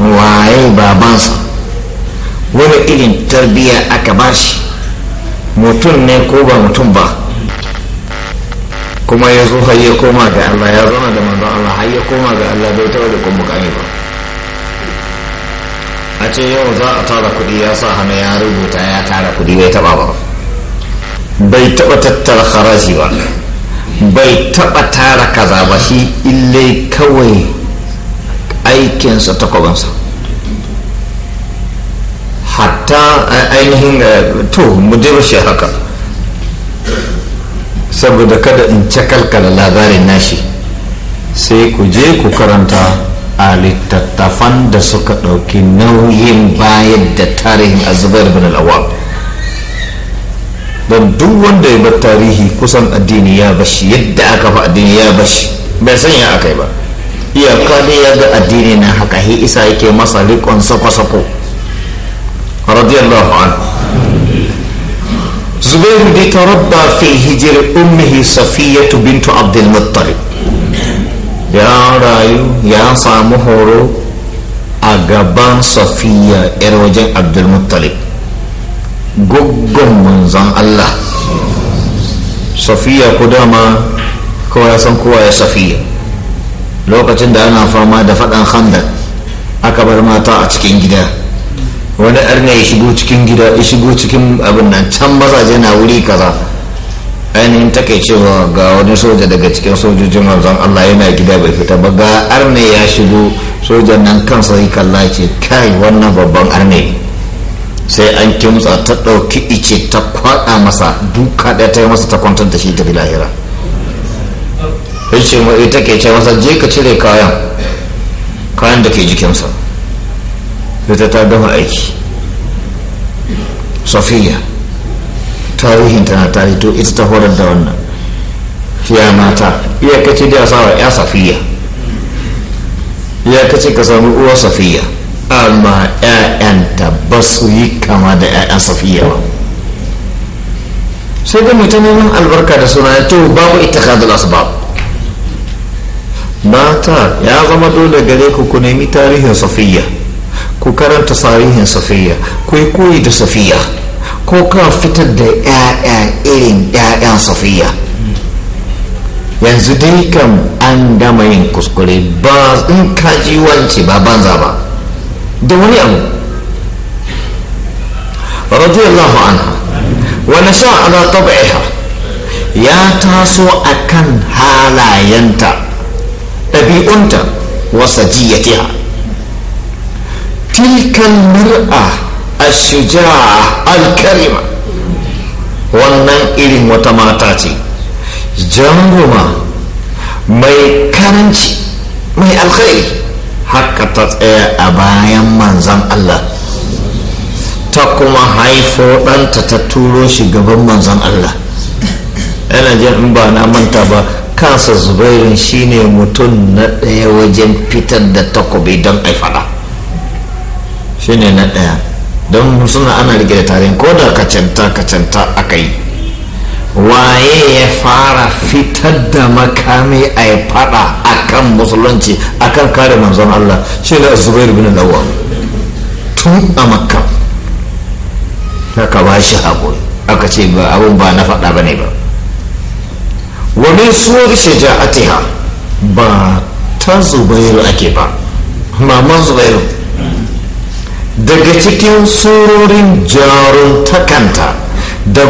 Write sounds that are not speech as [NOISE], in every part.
waye babansa wani irin tarbiyya aka bashi mutum ne ko ba mutum ba kuma ya zo har ya koma ga Allah ya zama da manzon Allah har ya koma ga Allah bai taɓa da kuma kame ba a ce yau za a tara kuɗi ya sa hannu ya rubuta ya tara kuɗi bai taɓa ba bai taɓa tattara haraji ba bai taɓa tara kaza ba shi illai kawai aikinsa takwabansa hatta ainihin to mu shi haka saboda kada in cakalkala labarin nashi sai ku je ku karanta a littattafan da suka ɗauki nauyin bayan da tarihin azubar bin al'awar don duk wanda ya bar tarihi kusan addini ya bashi yadda aka fi addini ya bashi bai sanya aka yi ba iya kwade ya ga addini na haka hi isa yake masa rikon sako-sako radiyallahu an zubairu da ta rabba fi hijir ummihi safiyatu bintu abdul muttalib ya rayu ya samu horo a gaban safiya yar wajen abdul muttalib guggun manzon allah safiya ku dama kowa ya san kowa ya safiya lokacin da ana fama da faɗan handak aka bar mata a cikin gida wani arna ya shigo cikin gida ya shigo cikin abin nan can mazaje na wuri kaza ainihin takaicewa cewa ga wani soja daga cikin sojojin manzon Allah yana gida bai fita ba ga arne ya shigo sojan nan kansa yi kalla ce kai wannan babban arne sai an kimtsa ta ɗauki ice ta kwaɗa masa duka ɗaya ta yi masa ta kwantar da shi ta lahira ya ma ita ke ce masa je ka cire kayan kayan da ke jikinsa ita ta gama aiki sofiya tarihin tana ta hito ita ta horar da wannan fiya mata iya kace da sawa ya safiya iya kace ka sami uwa safiya amma 'ya'yanta ba su yi kama da 'ya'yan safiya ba sai da mutum neman albarka da suna to babu ita kadul babu mata ya zama dole gare ku ku nemi tarihin safiya ku karanta tarihin safiya ku yi koyi da safiya ko ka fitar da 'ya'ya irin 'ya'yan safiya yanzu dai kam an gama yin kuskure ba in kaji wance ba banza ba da wani abu raju radiyallahu anha wani sha tabaiha ya taso a kan halayenta ɗabi'unta wasa jiyatiha tilkan a ashuja'a alkarima wannan irin wata mata ce janguma mai karanci mai alkhairi haka ta tsaya a bayan manzan Allah ta kuma haifo ɗanta ta turo shi gaban manzan Allah yana jin in ba na manta ba kansa zubairun shine mutum na ɗaya wajen fitar da takobi don aifada shine na ɗaya don suna ana rike da tarin ko da kacanta kacanta aka yi waye ya fara fitar da makami a yi fada a kan musulunci a kan kare manzon Allah shi ne zubairu bin lawa tun a makka aka ba shi haƙuri aka ce ba abin ba na fada ba ne ba wani shaja suwar shaja'atiha ba ta zubairu ake ba maman zubairu daga cikin surorin takanta da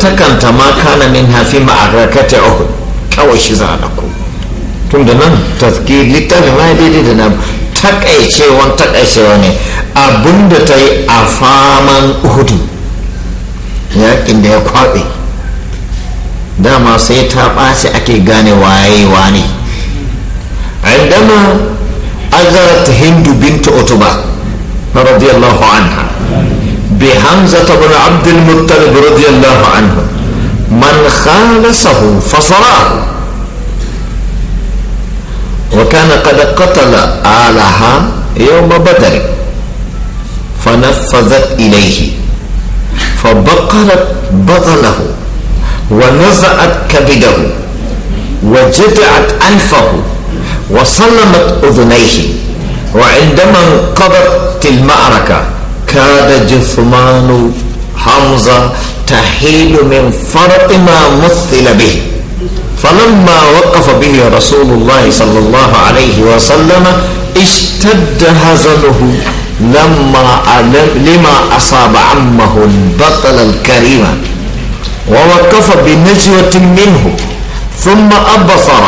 takanta ma kana min hafi ma'arakata uhud kawai shi za a ɗauko tun da nan taski littafi ma daidai da na takaicewan takaicewa ne abinda ta yi a faman uhudu yakin da ya kwaɓe dama sai ta ɓaci ake gane wayewa ne عندما أزرت هند بنت أتبة رضي الله عنها بهمزة بن عبد المطلب رضي الله عنه من خالصه فصراه وكان قد قتل آلها يوم بدر فنفذت إليه فبقرت بطله ونزعت كبده وجدعت أنفه وصلمت أذنيه وعندما انقضت المعركة كاد جثمان حمزة تحيل من فرط ما مثل به فلما وقف به رسول الله صلى الله عليه وسلم اشتد هزله لما لما أصاب عمه البطل الكريم ووقف بنجوة منه ثم أبصر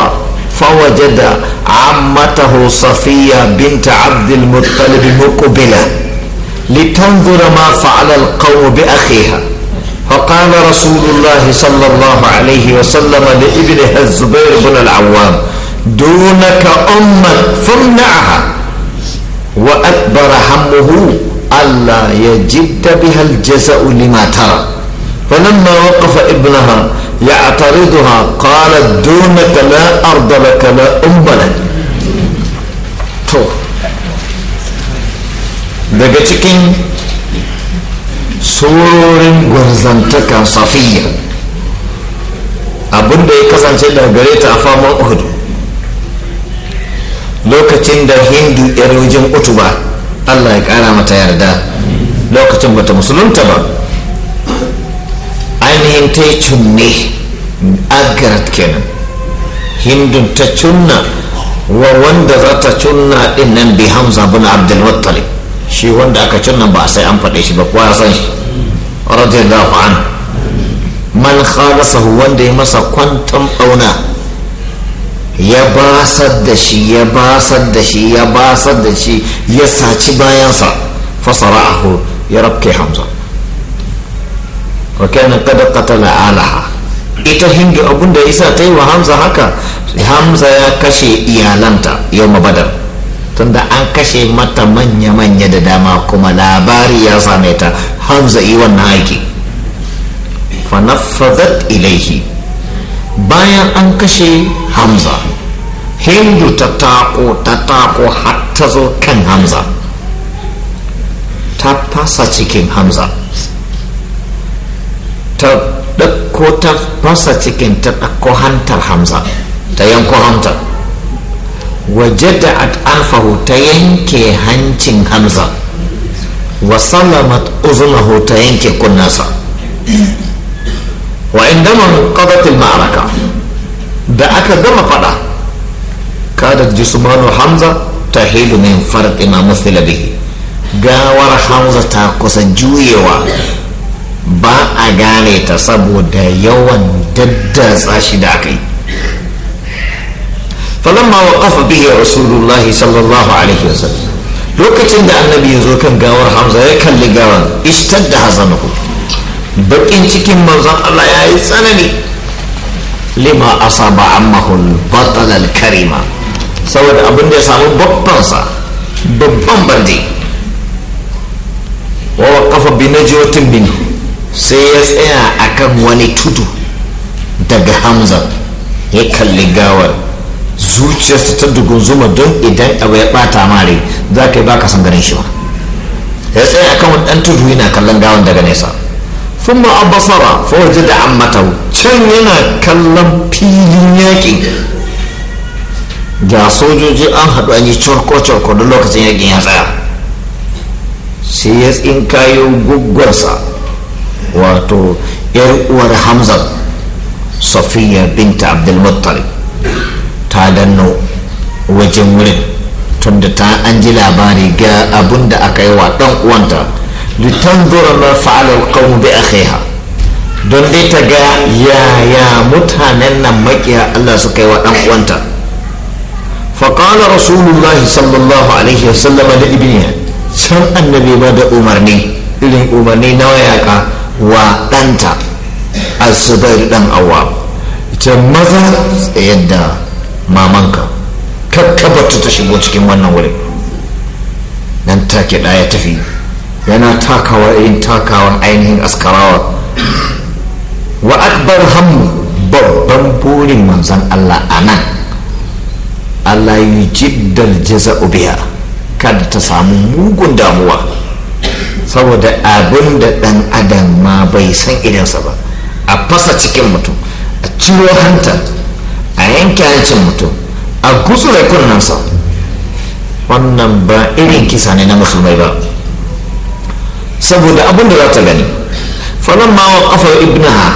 فوجد عمته صفية بنت عبد المطلب مقبلة لتنظر ما فعل القوم بأخيها فقال رسول الله صلى الله عليه وسلم لابنها الزبير بن العوام دونك أمة فامنعها وأكبر همه ألا يجد بها الجزاء لما ترى فلما وقف ابنها يعترضها قالت دونك لا أرض لك لا أم لك daga cikin sororin gwarzantaka safiya abinda ya kasance da gare ta a faman uhud lokacin da hindu yar wajen ba allah ya kara mata yarda lokacin bata musulunta ba ainihin ta yi cunne agarat kenan hindun ta cunna wa wanda za ta cunna din nan bi hamza bin abdulmuttali shi wanda aka cunna ba sai an faɗe shi ba kowa san shi radiyallahu an man khalasa wanda ya masa kwantan ɓauna ya basar da shi ya basar da shi ya basar da shi ya saci bayansa fasara'ahu ya rabke hamza wa kada ka qatala alaha ita hindu abinda isa ta yi wa hamza haka hamza ya kashe iyalanta yau ma badar tunda an kashe mata manya-manya da dama kuma labari ya same ta hamza yi wannan aiki fanafazat ilaihi bayan an kashe hamza hindu ta tako ta tako har ta zo kan hamza ta fasa cikin hamza ko ta fasa cikin ta ɗauko hantar hamza ta yanko hantar wajada at anfahu ta yanke hancin hamza wa sallamat uzunahu ta yanke kunnasa wa indama qadatil ma'araka da aka gama fada kada jismanu hamza tahilu min farqina musila bihi gawar hamza ta kusa juyewa ba a gane ta saboda yawan daddatsa shi da aka yi falamma wa kafa bihi rasulullahi sallallahu alaihi wasallam lokacin da annabi ya zo kan gawar hamza ya kalli gawar ishtar da hazanuhu bakin cikin manzon allah ya yi tsanani lima asaba ammahul batal al karima saboda abin da ya samu babbansa babban bandi wa waqafa bi na najwatin minhu sai ya tsaya akan wani tudu daga hamza ya kalli gawar zuciyarsa ta zuma don idan abu ya bata mare za ka yi baka son ganin shi ba ya tsaya akan wani dan tudu yana kallon gawan daga nesa fun ma abasara fawaje da matau can yana kallon filin yaƙi ga sojoji an haɗu an yi corko-corko don lokacin yaƙin ya tsaya sai ya tsinkayo guggwarsa wato yar uwar hamza safiya binta abdulmuttalib ta danno wajen wurin tunda ta an ji labari ga abun da aka yi wa dan uwanta zura ma fa'ala alqawm bi akhiha don dai ta ga yaya mutanen nan makiya Allah suka yi wa dan uwanta فقال رسول الله صلى الله عليه وسلم لابنها سن النبي بدا umarni irin umarni na ka? wa ɗanta asubair ɗan awa ita maza tsayar da mamanka kakkabarta ta shigo cikin wannan wurin nan take ɗaya tafi yana takawa irin takawa ainihin askarawa wa akbar hammu babban burin manzan allah a nan allah yi jiddar jaza kada ta samu mugun damuwa saboda abin da dan adam ma bai san idansa ba a fasa cikin mutum a ciro hanta a yanke hancin mutum a gutsura kunnansa wannan ba irin kisa ne na musulmai ba saboda abin da za ta gani falon ma wa kafa ibnaha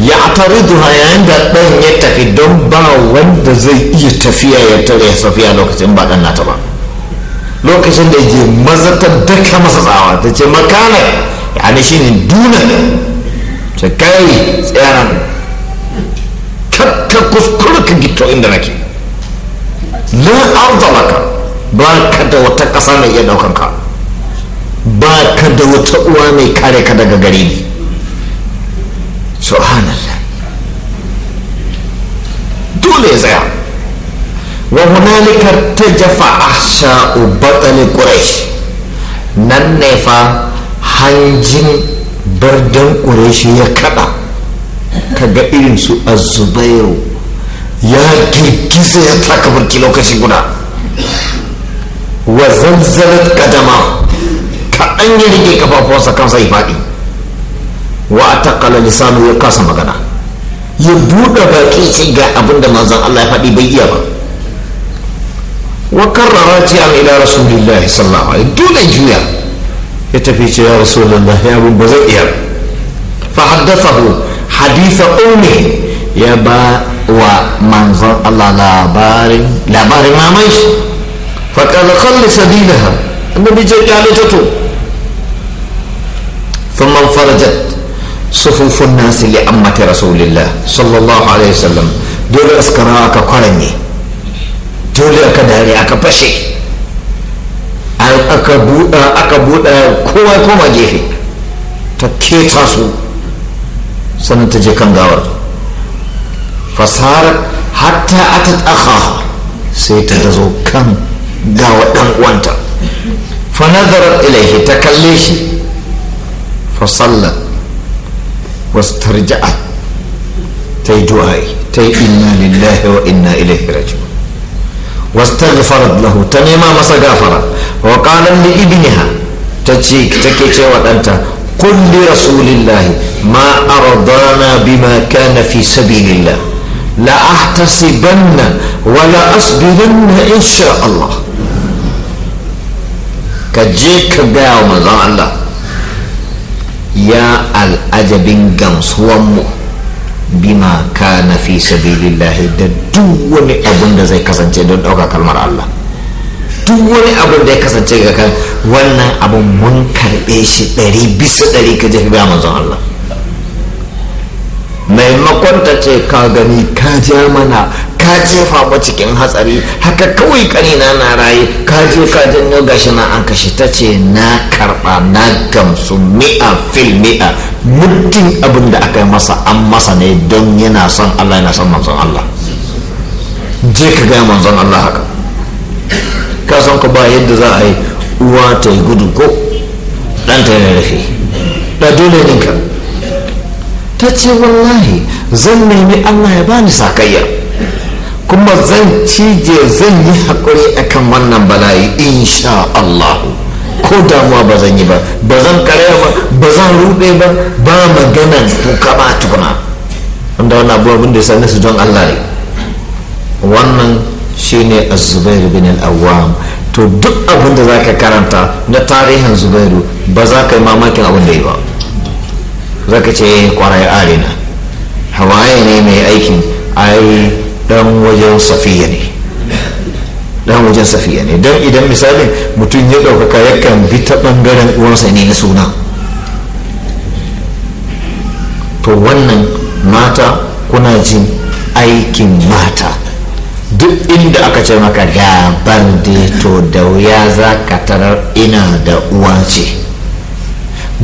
ya atariduha yayin da ɗan ya tafi don ba wanda zai iya tafiya ya tare safiya lokacin ba ɗan nata ba lokacin da ke mazatar daka masa tsawa ta ce ya ne shi ne duna ta kai tsayanan kakka kuskure ka gito inda nake na arzalaka ba ka da wata ƙasa mai iya daukan ka ba ka da wata uwa mai kare ka daga gari ne subhanallah dole ya tsaya wa hunalika a ahsha'u batal ƙuraish nan ne fa hanjin bardan ƙuraishi ya kaɗa kaga irin su a zubairu ya girgiza ya taka barki lokaci guda wa zalzalat kadama an yi rike kafafuwansa kansa ya faɗi wa takala lissanu ya kasa magana ya buɗe baki ce ga abinda manzon Allah ya faɗi bai iya ba وكررت يعني إلى رسول الله صلى الله عليه وسلم دون جويا يتفيت يا رسول الله يا أبو بزئيا فحدثه حديث أمه يا با ومنظر الله لابار لابار ما ماشي فقال خلص دينها النبي جاء قالتته ثم انفرجت صفوف الناس لأمة رسول الله صلى الله عليه وسلم دول أسكراك قرني dole aka dare aka fashe aka buɗa aka buɗa kowa koma gefe ta keta su sannan ta je kan gawar fasar hatta atat akhaha sai ta zo kan gawa ɗan uwanta fa nazarar ilaihi ta kalle shi fa wasu wastarja'at ta yi du'a'i ta yi inna lillahi wa inna ilaihi واستغفرت له تنما مسا غفرة وقال لابنها تجي تكيتي وأنت قل لرسول الله ما أرضانا بما كان في سبيل الله لا أحتسبن ولا أصبرن إن شاء الله كجيك قاوم الله يا الاجبين قمص ومؤمن bima kana fi sabilillahi da duk wani abun da zai kasance don ɗauka kalmar Allah duk wani abun da ya kasance ga kan wannan abun mun karɓe shi ɗari bisa ɗari ka je ka ga manzon Allah maimakon ta ce ka gani ka je mana ka jefa mu cikin hatsari haka kawai kani na na raye ka je ka janyo gashi na an kashe ta ce na karba na gamsu mi'a fil mi'a muddin abin da aka masa an masa ne don yana son allah yana son manzon allah je ka gaya manzon allah haka ka san ku ba yadda za a yi uwa ta yi gudu ko ɗanta yana rufe da dole ninka ta ce wallahi zan nemi allah ya bani sakayya kuma zan cije zan yi haƙuri kan wannan bala'i insha allah ko damuwa ba zan yi ba ba zan karaya ba ba zan ruɗe ba ba maganan kuka ba tukuna wanda wannan abin da ya sani su don allah ne wannan shine azubairu bin al'awam to duk abin da za karanta na tarihin zubairu ba za ka yi mamakin abin da yi ba zaka ce kwarai arina hawaye ne mai aikin ai dan wajen safiya ne dan wajen safiya ne don idan misalin mutum ya ɗaukaka yakan bi ta ɓangaren uwansa ne na suna to wannan mata kuna jin aikin mata duk inda aka ce maka ga to da wuya za ka tarar ina da uwa ce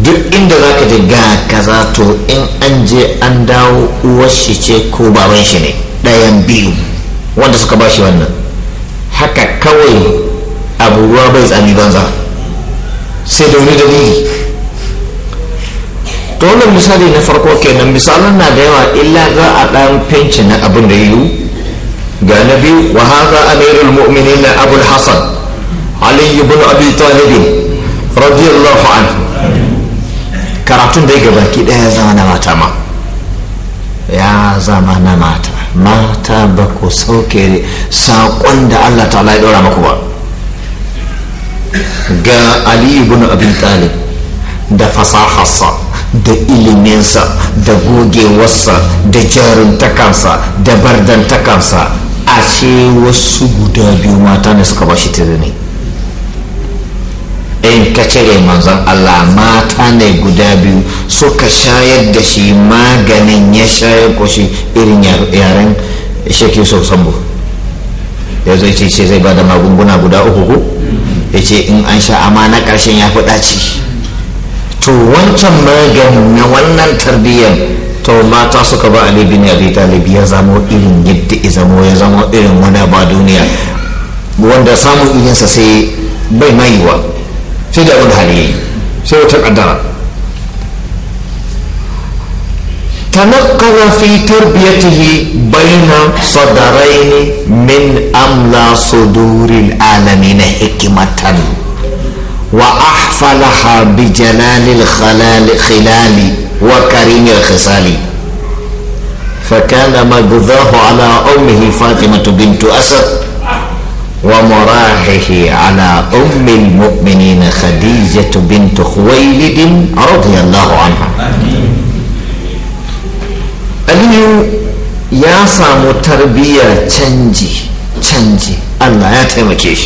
duk inda za ka ji ga kaza to in an je an dawo uwar shi ce ko baban shi ne ɗayan biyu wanda suka ba shi wannan haka kawai abu ruwa bai tsami banza sai da wani dalili to wannan misali na farko kenan misalan na da yawa illa za a ɗan fenci na abin da yiwu ga na biyu wa haza amirul mu'minin na abul hasan aliyu bin abi talibin radiyallahu anhu karatun dai gabaki ɗaya zama na mata ma ya zama na mata mata ba ku sauke saƙon da allah ta'ala ya ɗora maku ba ga ali ibn abin talib da fasahasa da iliminsa da gogewarsa da jarumtakansa da bardantakansa a ce wasu guda biyu mata ne suka ba shi tiri ne in ka cire manzon Allah mata ne guda biyu suka shayar da shi maganin ya shayar ko shi irin yaren sheke so sambo ya zai ce ce zai bada magunguna guda uku ya ce in an sha amma na ƙarshen ya fi ɗaci to wancan maganin na wannan tarbiyyar to mata suka ba ali bin abi talib ya zamo irin yadda ya zamo ya zamo irin wani ba duniya wanda samun irinsa sai bai maiwa sai تنقل في تربيته بين صدرين من أملا صدور العالمين حكمة وأحفلها بجلال الخلال خلال وكريم الخصال فكان مقضاه على أمه فاطمة بنت أسد ومراحه على أم المؤمنين خديجة بنت خويلد رضي الله عنها أليو يا سام تربية تنجي تنجي الله يتهم كيش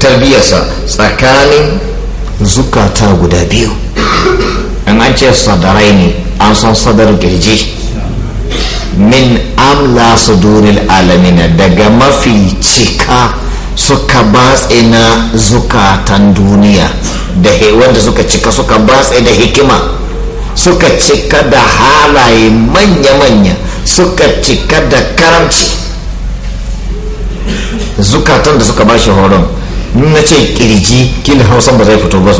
تربية سا سكالي زكاة غدابيو أنا أجي صدريني أنا صدر جيجي min amla suduril alamina daga mafi cika suka batse na zukatan duniya da wanda suka cika suka batse da hikima suka cika da halaye manya-manya suka cika da karamci zukatan da suka bashi horon na ce kirji kila hausan ba zai fito ba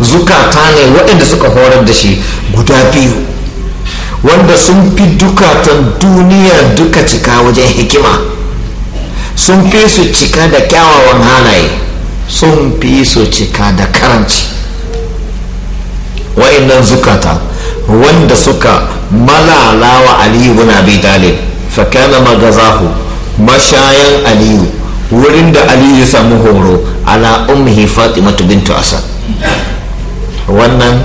zukata ne waɗanda suka horar da shi guda biyu wanda sun fi dukatan duniya duka cika wajen hikima sun fi su cika da kyawawan halaye sun fi su cika da karanci wa'annan zukata wanda suka malalawa aliyu wani abi dalib fakana magazahu mashayan aliyu wurin da aliyu ya samu horo ala ummihi fatimatu bintu asad wannan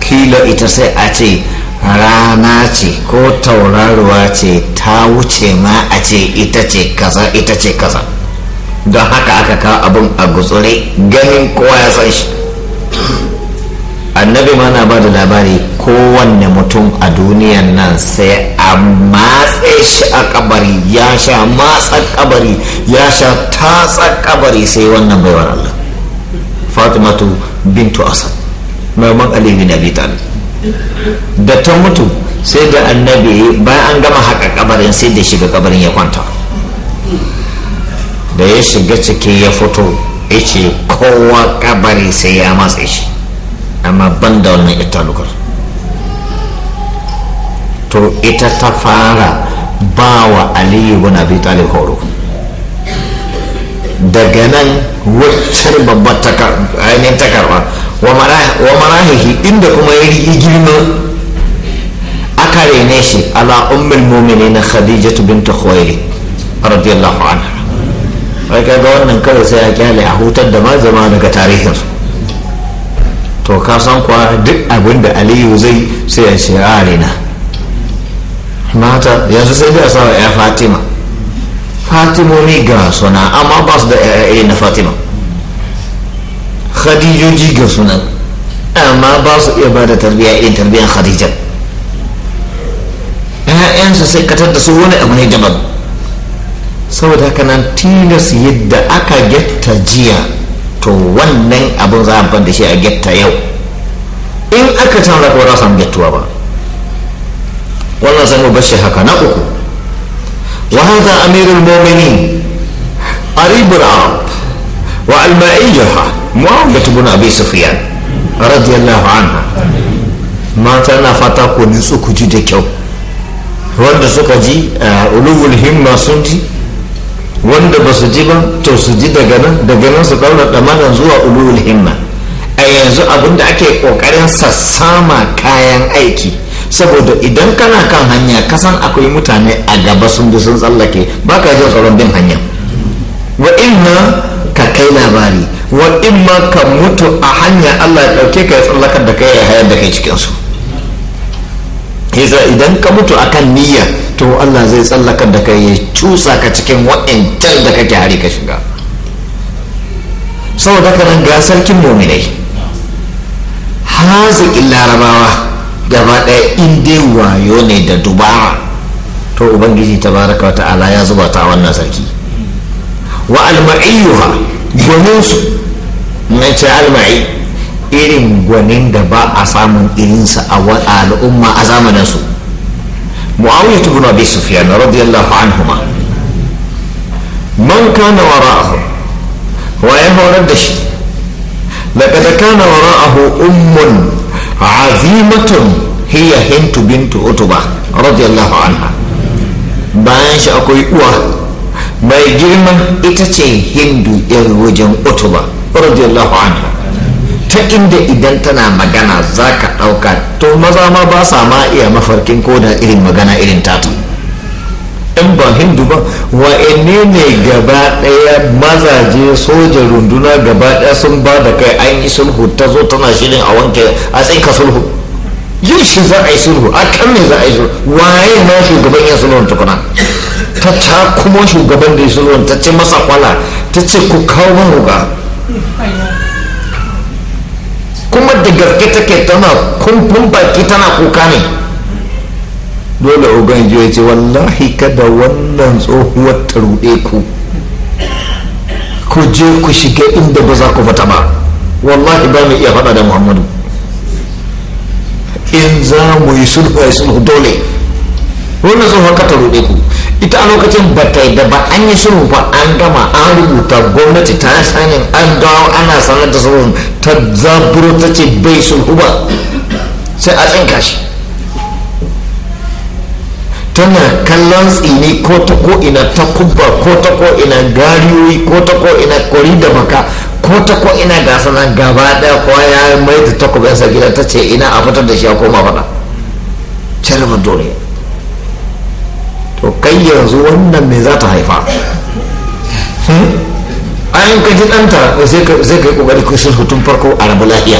kila ita sai a ce rana ce ko tauraruwa ce ta wuce ma a ce ita ce kaza ita ce kaza don haka aka kawo abin a gutsure ganin kowa ya san shi annabi ma na ba da labari kowanne mutum a duniyan nan sai a matse shi a kabari ya sha matsar kabari ya sha tatsar kabari sai wannan baiwar Allah fatimatu bintu asad mai man alibi na bitalib da ta mutu sai da annabi bayan an gama haka kabarin sai da shiga kabarin ya kwanta da ya shiga ciki ya fito ya ce kowa kabari sai ya matse shi amma ban da wannan ita lukar to ita ta fara ba wa aliyu wani abin talib horo daga nan waccar babbar ainihin takarwa wa marahihi inda kuma ya yi girma aka rene shi ala ummul mu'minin khadijatu bint khuwailid radiyallahu anha ai kaga wannan kawai sai ya kyale a hutar da ma zama daga tarihin su to ka san kuwa duk abin da aliyu zai sai ya ce a rena mata yanzu sai da sawa ya fatima fatimo ga suna amma ba su da ya'ya na fatima khadijoji ga sunan amma ba su iya ba da tarbiyya irin tarbiyyar khadija ‘ya'yansu sai katar da su wani abu ne daban saboda haka nan tilas yadda aka getta jiya to wannan abin za a ban da shi a getta yau in aka canza ko za samu gettuwa ba wannan sai mu bashi haka na uku wa hadha amirul mu'minin qaribul وألمائيها معاوية بن أبي سفيان رضي mata na fata تنا فتا كوني سوكو da kyau wanda suka ji a eh, ulubul himma sun ji wanda ba su ji ba to su ji daga nan daga nan su daura damanan zuwa ulubul himma a yanzu abinda ake kokarin sassama kayan aiki saboda idan kana kan hanya kasan akwai mutane a gaba sun bi sun tsallake ba ka jin tsoron bin hanya wa inna kai labari wa ma ka mutu a hanya allah ya ɗauke ka ya tsallakar da kai ya hayar da kai cikinsu yasa idan ka mutu a kan niyya to allah zai tsallakar da kai ya cusa ka cikin wa'ancan da kake hari ka shiga saboda ka nan ga sarkin mominai haziƙin larabawa gaba ɗaya in dai wayo ne da dubara to ubangiji ta tabaraka wa ala ya zuba ta wannan sarki wa alma'iyyuha gwaninsu na ce almai irin gwanin da ba a samun irinsa a al'umma a zamaninsu muawiya ibn abi sufyan radiyallahu anhuma man kana wara'ahu wa ya horar da shi لقد كان وراءه أم عظيمة هي هنت بنت عتبة رضي الله عنها bayan shi akwai uwa mai girman ita ce hindu yar wajen utuba radiyallahu anha ta inda idan tana magana za ka ɗauka to maza ma ba sa ma iya mafarkin ko da irin magana irin tata in ba hindu ba wa ne gaba ɗaya mazaje soja runduna gaba ɗaya sun ba da kai an yi sulhu ta zo tana shirin a wanke a tsinka sulhu yin shi za a yi sulhu a kan ne za a yi sulhu waye na shugaban yin sulhun tukuna ta ta kuma shugaban da ya sulhun ta ce masa kwala ta ce ku kawo ruga kuma da gaske take tana kumfin baki tana kuka ne dole ugan ya ce wallahi kada wannan tsohuwar ta ruɗe ku ku je ku shiga inda ba za ku fita ba wallahi ba mu iya faɗa da muhammadu in za mu yi sulhu a sulhu dole wannan sulhu ka ta roɗe ku ita a lokacin ba ta da ba an yi sulhu ba an gama an rubuta gwamnati ta sanin an dawo ana sanar da sulhu ta zaburo ta ce bai sulhu ba sai a tsinka shi tana kallon tsini ko ta ko ina ta kubba ko ta ko ina gariyoyi ko ta ko ina kori da baka ko ta ko ina gasa nan gaba daya ko ya mai da takobinsa gida ta ce ina a fitar da shi a koma faɗa cire dole to kai yanzu wannan me za ta haifa hmm? ayin ka ji ɗanta sai ka yi ƙoƙari ko sulhu tun farko a rabu lafiya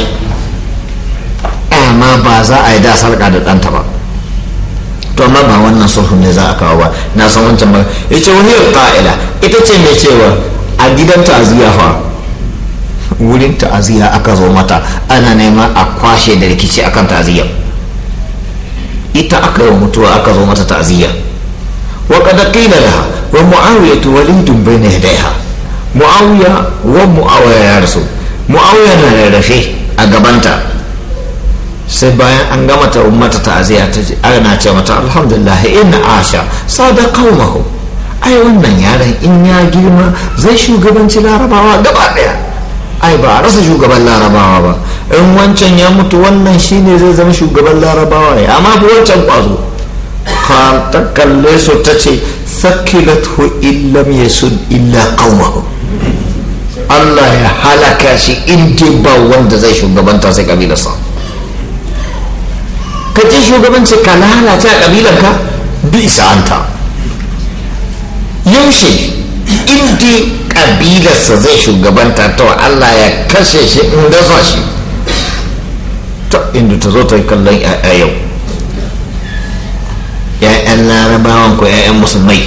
amma ba za a yi da sarƙa da ɗanta ba to amma ba wannan sulhu ne za a kawo ba na san wancan ba ce wani ta'ila ita ce mai cewa a gidan ta'aziyya fa wurin ta'aziyya aka zo mata ana neman a kwashe da rikici akan ta'aziyya ita aka yi mutuwa aka zo mata ta'aziyya wa kada qila laha wa na walidun bayna yadayha muawiya wa muawiya ya rasu muawiya na rarrafe a gabanta sai bayan an gama ta ummata ta'aziyya ta ana ce mata alhamdulillah inna asha sada qaumahu ai wannan yaran in ya girma zai shugabanci larabawa gaba daya ai ba a rasa shugaban larabawa ba in wancan ya mutu wannan shine zai zama shugaban larabawa ne amma ba wancan kwazo ta kalle su ta ce sakilathu illam yasud illa qaumahu Allah ya halaka shi in ba wanda zai shugabanta sai kabilarsa ka ce shugabanci ka lalace a kabilanka bi isa yaushe in dai kabilarsa zai shugabanta ta wa Allah ya kashe shi in gasa shi ta inda ta zo ta yi kallon yau ‘ya'yan larabawan ko ‘ya'yan musulmai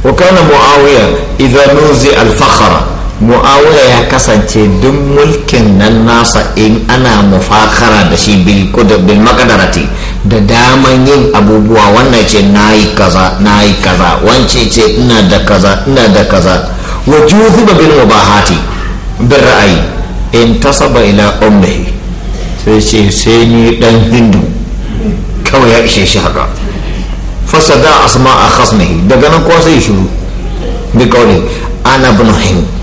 wa kana muawiyar idanun zai alfahara mu'awula ya kasance duk mulkin nan nasa in ana mufakara da shi bil makadarati da daman yin abubuwa wannan ce na yi kaza na yi kaza wance ce ina da kaza ina da kaza wa ba bil mubahati bin ra'ayi in saba ila ummi sai ce sai ni dan hindu kawai ya ishe shi haka fasada asma a khasmihi daga nan ko sai shiru bi kawai ana bin hindu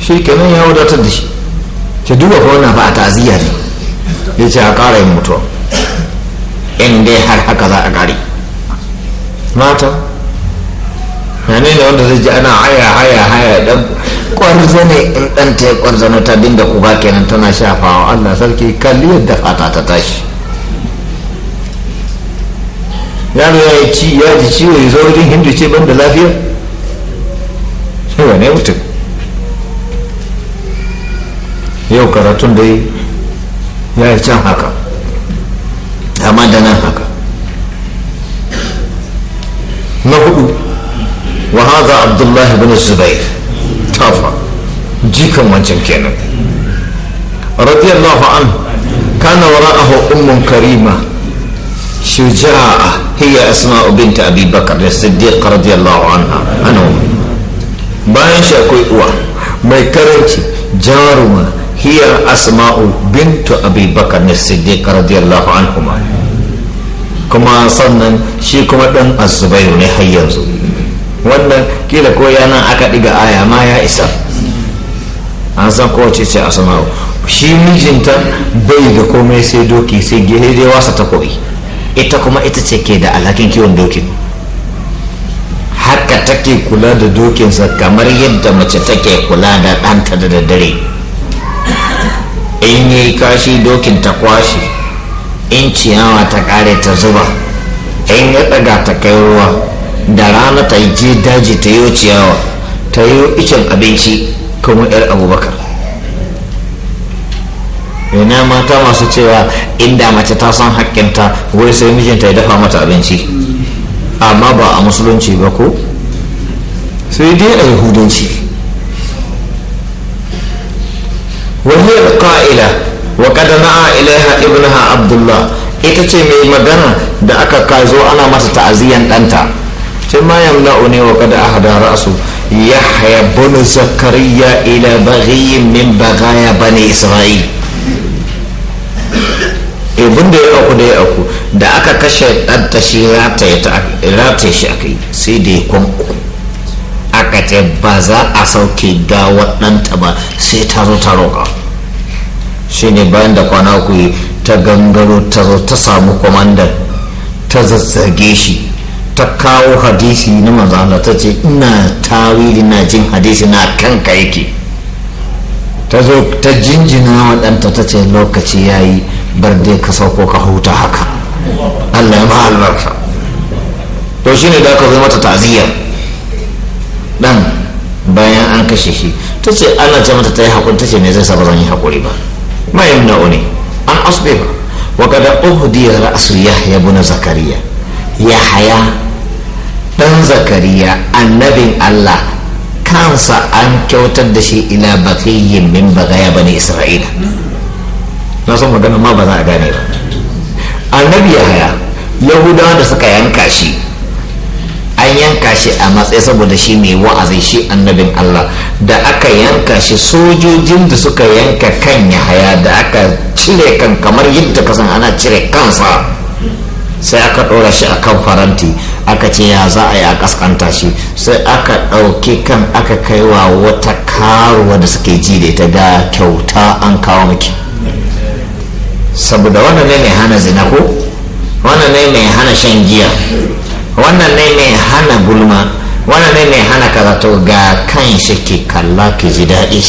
shi kenan ya wadatar da shi ta duba ko na ba a ta'aziyya ne ya ce a ƙara yin mutuwa in dai har haka za a ƙare mata na ne wanda zai ji ana haya haya haya dan kwarza ne in dan ta kwarza na ta dinga kuga kenan tana shafawa Allah sarki kalli yadda fata ta tashi yaro ya ci ya ji ciwo ya zo wajen hindu ce ban da lafiya sai wane mutum yau karatun da ya yi can haka amma da nan haka na hudu wa haza abdullahi bin zubair tafa jikan wancan kenan radiyallahu an kana aho ummun karima شجاعة هي أسماء بنت أبي بكر الصديق رضي الله عنها bayan باين شاكوي uwa mai karanci jaruma. hiya asma'u bintu abi bakar ne siddiq radiyallahu anhuma kuma sannan shi kuma dan azubairu ne har yanzu wannan kila ko yana aka diga aya ma ya isa an san kowace ce asma'u shi mijinta bai da komai sai doki sai gele dai wasa ta koyi ita kuma ita ce ke da alhakin kiwon dokin haka take kula da dokinsa kamar yadda mace take kula da ɗanta da daddare in yi kashi dokin ta kwashe in ciyawa ta kare ta zuba in ya daga ta kai ruwa da rana ta je daji ta yi ciyawa ta yi icen abinci kuma yar abubakar yana mata masu cewa inda mace ta san haƙƙinta wai sai mijinta ya dafa mata abinci amma ba a musulunci ba ko sai dai a yahudanci وهي القائلة وقد نعى إليها ابنها عبد الله ita ce mai magana da aka kazo ana masa ta'aziyan ɗanta ce ma yamna'u ne wa kada ahada ra'su yahya bani zakariya ila baghiyin min bagaya bani isra'il ibn da ya aku da ya aku da aka kashe ɗanta shi rataye shi akai sai da ya kwan aka ba za a sauke gawa ɗanta ba sai ta zo ta roƙa shi ne bayan da kwana uku ta gangaro ta zo ta samu kwamandan ta zazzage shi ta kawo hadisi na manzana ta ce ina tawili na jin hadisi na kanka yake ta zo ta jinjina waɗanta ta ce lokaci ya yi bar dai ka sauko ka huta haka allah ya ma albarka to ne da aka zo mata ta'aziyya dan bayan an kashe shi ta ce ana ce mata ta yi haƙuri ta ce me zai saba ba zan yi haƙuri ba ma yamna'u an asbiba wa kada ohudiyar ra'su ya buna zakariya ya haya dan zakariya annabin Allah kansa an kyautar da shi ila yin min bagaya ba na isra'ila na san magana ma ba za a gane ba annabi haya yahudawa da suka yanka shi an yanka shi a matsayi saboda shi mai wa'azi shi annabin Allah da aka yanka shi sojojin da suka yanka kan ya haya da aka cire kan kamar yadda kasan ana cire kansa sai aka ɗora shi a kan faranti aka ce ya za a yi a ƙasƙanta shi sai aka ɗauki kan aka kai wa wata karuwa da suke ji da ita ga kyauta an kawo miki saboda wannan ne mai hana zina ko wannan ne mai hana shan giya wannan ne mai hana gulma wannan ne mai hana karatu ga kan shi ki kalla ki ji daɗi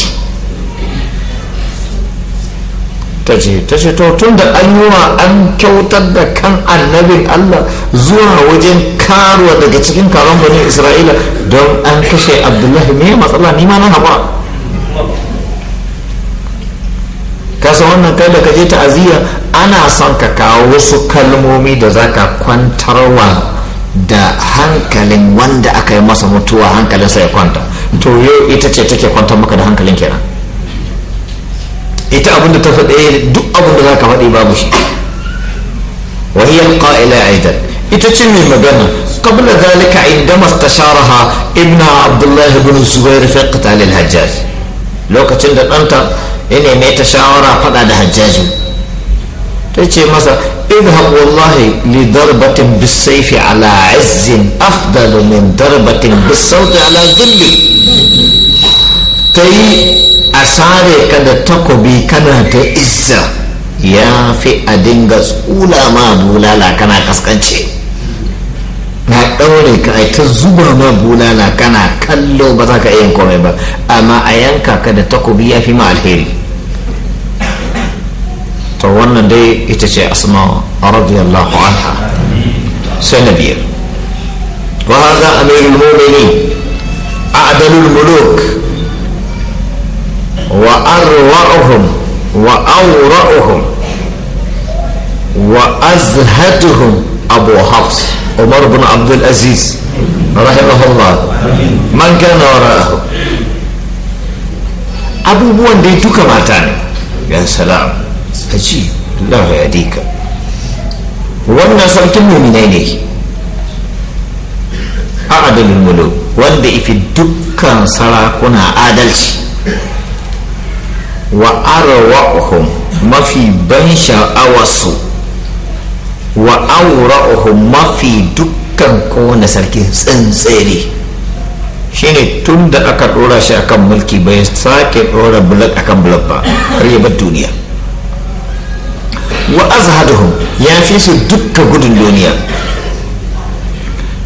ta ce to tun da an yi wa an kyautar da kan annabin allah zuwa wajen karuwa daga cikin karon bane isra'ila don an kashe abdullahi ne matsala ni ma na haɓa kasa wannan kai da ka je ta'aziyya ana son ka kawo wasu kalmomi da za ka kwantarwa da hankalin wanda aka yi masa mutuwa sa ya kwanta to yau ita ce take kwanta maka da hankalin kenan ita abinda ta faɗe duk abinda za ka faɗi babu shi wahiyar ƙa'ila aidan ita ce mai magana qabla zalika indama istasharaha ibnu abdullahi bin zubairu fi qital al lokacin da ɗanta ya neme ta shawara faɗa da hajjaji ta ce masa idhab wallahi li darbatin bisayfi ala izzin afdalu min darbatin bisawti ala dhilli kai a sare ka da takobi kana da izza ya fi a dinga tsula ma bulala kana kaskance na ɗaure ka ai ta zuba ma bulala kana kallo ba za ka iya komai ba amma a yanka ka da takobi ya fi ma alheri فوانا دي اتشي اسماء رضي الله عنها سنبيا وهذا امير المؤمنين اعدل الملوك واروعهم واوراهم وازهدهم ابو حفص عمر بن عبد العزيز رحمه الله من كان وراءه ابو بوان دي توكا ماتان يا سلام suka ce Allah ya dika wannan sarkin muminai ne a adalin mulo wanda ifi dukkan sarakuna adalci wa arwa'uhum mafi ban sha'awarsu wa aura'uhum mafi dukkan kowane sarki shi shine tun da aka ɗora shi akan mulki bai sake dora bulat akan bulat ba har yi bar duniya wa azhaduhum ya fi su dukka gudun duniya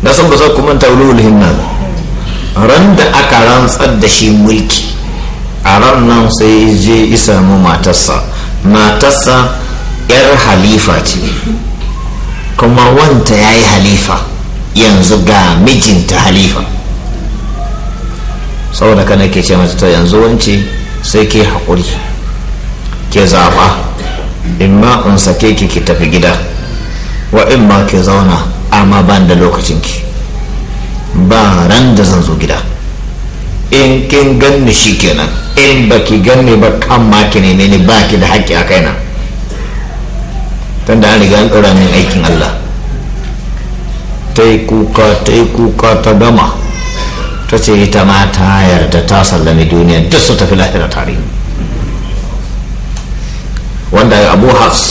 na san ba za ku manta ulul himma ran da aka rantsar da shi mulki a ran nan sai je isa mu matarsa matarsa yar halifa ce kuma wanta ya yi halifa yanzu ga mijinta halifa saboda kana ke ce mata yanzu wance sai ke haƙuri ke zaɓa in ma in sake ki ki tafi gida wa in ma ki zauna amma ban da lokacin ki ba ran da zan zo gida in kin ganni shi kenan in ba baki ganni ba kan ki ne ne ba ki da haƙƙi a kaina tunda an riga an ɗora min aikin Allah ta yi kuka ta yi kuka ta gama ta ce ita ma ta yarda ta sallami duniya duk su tafi lahira tare wanda ya abu hafs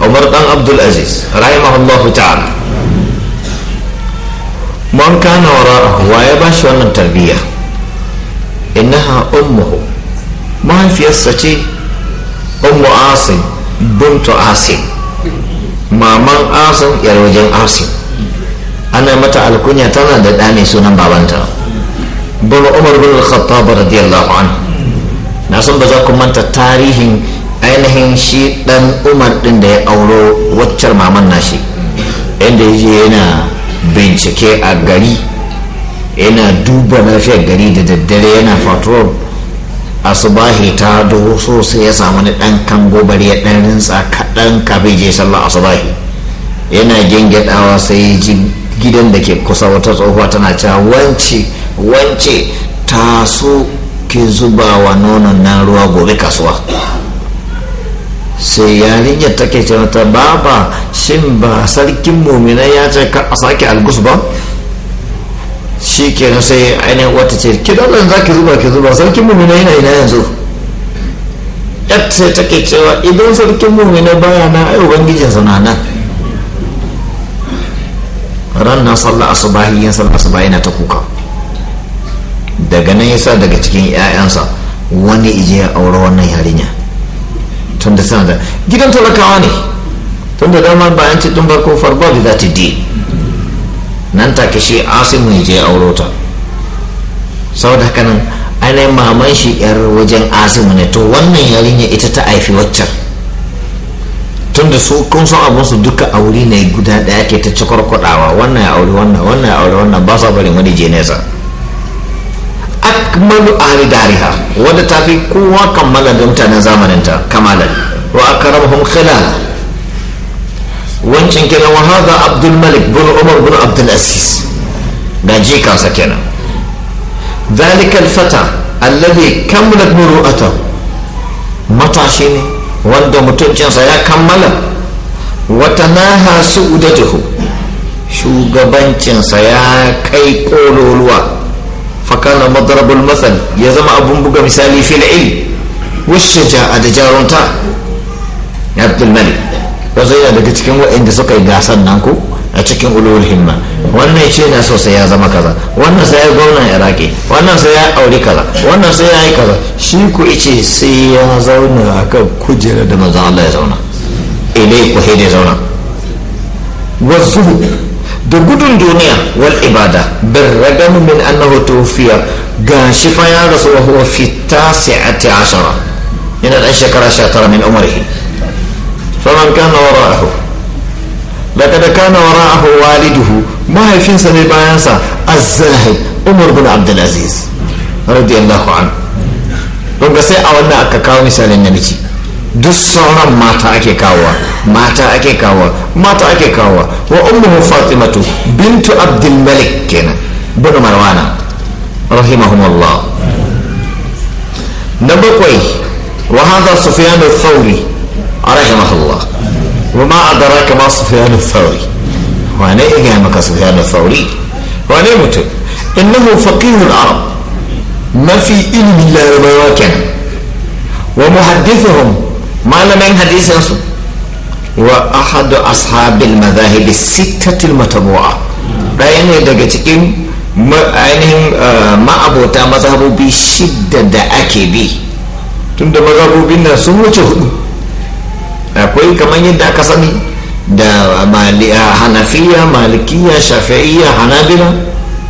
umar dan abdul aziz rahimahullahu ta'ala man kana wara wa ya bashi wannan tarbiyya innaha ummuhu mahaifiyarsa ce ummu asim bintu asim maman asim yar wajen asim ana mata alkunya tana da ɗa sunan babanta bin umar bin al-khattab radiyallahu anhu na san ba za ku manta tarihin ainihin shi dan umar din da ya auro waccar maman nashi inda ya je yana bincike a gari yana duba lafiyar gari da daddare yana patrol asubahi ta doho sosai ya samu ni dan kango bari ya dan rinsa kadan kafin je sallar asubahi yana gyangyaɗawa sai ya ji gidan da ke kusa wata tsohuwa tana cewa wance wance so ki zuba wa nonon nan ruwa gobe kasuwa sai yarinyar take ce mata baba shin ba sarkin mumina ya ce kar a sake algus ba shi ke na sai ainihin wata ce ki dole za ki zuba ki zuba sarkin mumina yana ina yanzu yadda sai take cewa idan sarkin mumina baya eh, na ai ubangijinsa na nan ranar sallah asubahi yin sallah asubahi na ta kuka daga nan yasa daga cikin 'ya'yansa wani ije ya aure wannan yarinya tunda suna da gidan talakawa ne tunda dama bayan ci tun farko farba za ta di nan ta shi asimu ya je auro ta saboda haka nan ainihin maman shi yar wajen asimu ne to wannan yarinya ita ta haifi waccan tunda su kun son abun su duka aure ne guda daya ke ta cikar kudawa wannan ya aure wannan wannan ya aure wannan ba sa bari wani je nesa akmalu ari dariha wadda ta fi kowa kammala da mutanen zamaninta kamalan wa akramahum khilala wancan kenan wa haza abdul malik bin umar bin abdul aziz ga jikansa kenan ذلك الفتى الذي كملت مروءته matashi ne wanda mutuncinsa ya kammala wata naha su udatuhu shugabancinsa ya kai kololuwa fakana madarabul masal ya zama abun buga misali fil il washaja a da jarunta abdul malik wasu yana daga cikin waɗanda suka yi gasar nan ko a cikin ulul himma wannan ce na sosai ya zama kaza wannan sai ya gwamnan iraki wannan sai ya aure kaza wannan sai ya yi kaza shi ku ice sai ya zauna a kan kujera da manzan Allah ya zauna ilai ku hede zauna wasu da gudun duniya wal ibada bin ragam min annahu tufiya gashi fa ya rasu wa huwa fi tasi'ati ashara yana dan shekara 19 min umrihi faman kana wara'ahu laqad kana wara'ahu waliduhu mahaifinsa ne bayansa az-zahid umar bin abdul aziz radiyallahu anhu don ga sai a wannan aka kawo misalin namiji duk sauran mata ake kawo mata ake kawo mata ake kawo wa ummu fatimatu bintu abdul malik kenan bin marwana rahimahumullah na bakwai wa hadha sufyan al-thawri rahimahullah wa ma adraka ma sufyan al-thawri wa ne ga maka sufyan al-thawri wa ne mutum innahu faqih al-arab ma fi ilmi larabawa kenan wa ومحدثهم malamin hadisin su wa ahadu ashabil mazahibi sittatul matabu'a ɗaya ne daga cikin ainihin eh, ma'abota mazhabobi shidda da ake bi tunda mazhabobin nan sun wuce hudu akwai kamar yadda aka sani da eh, hanafiya malikiya shafi'iyya hanabila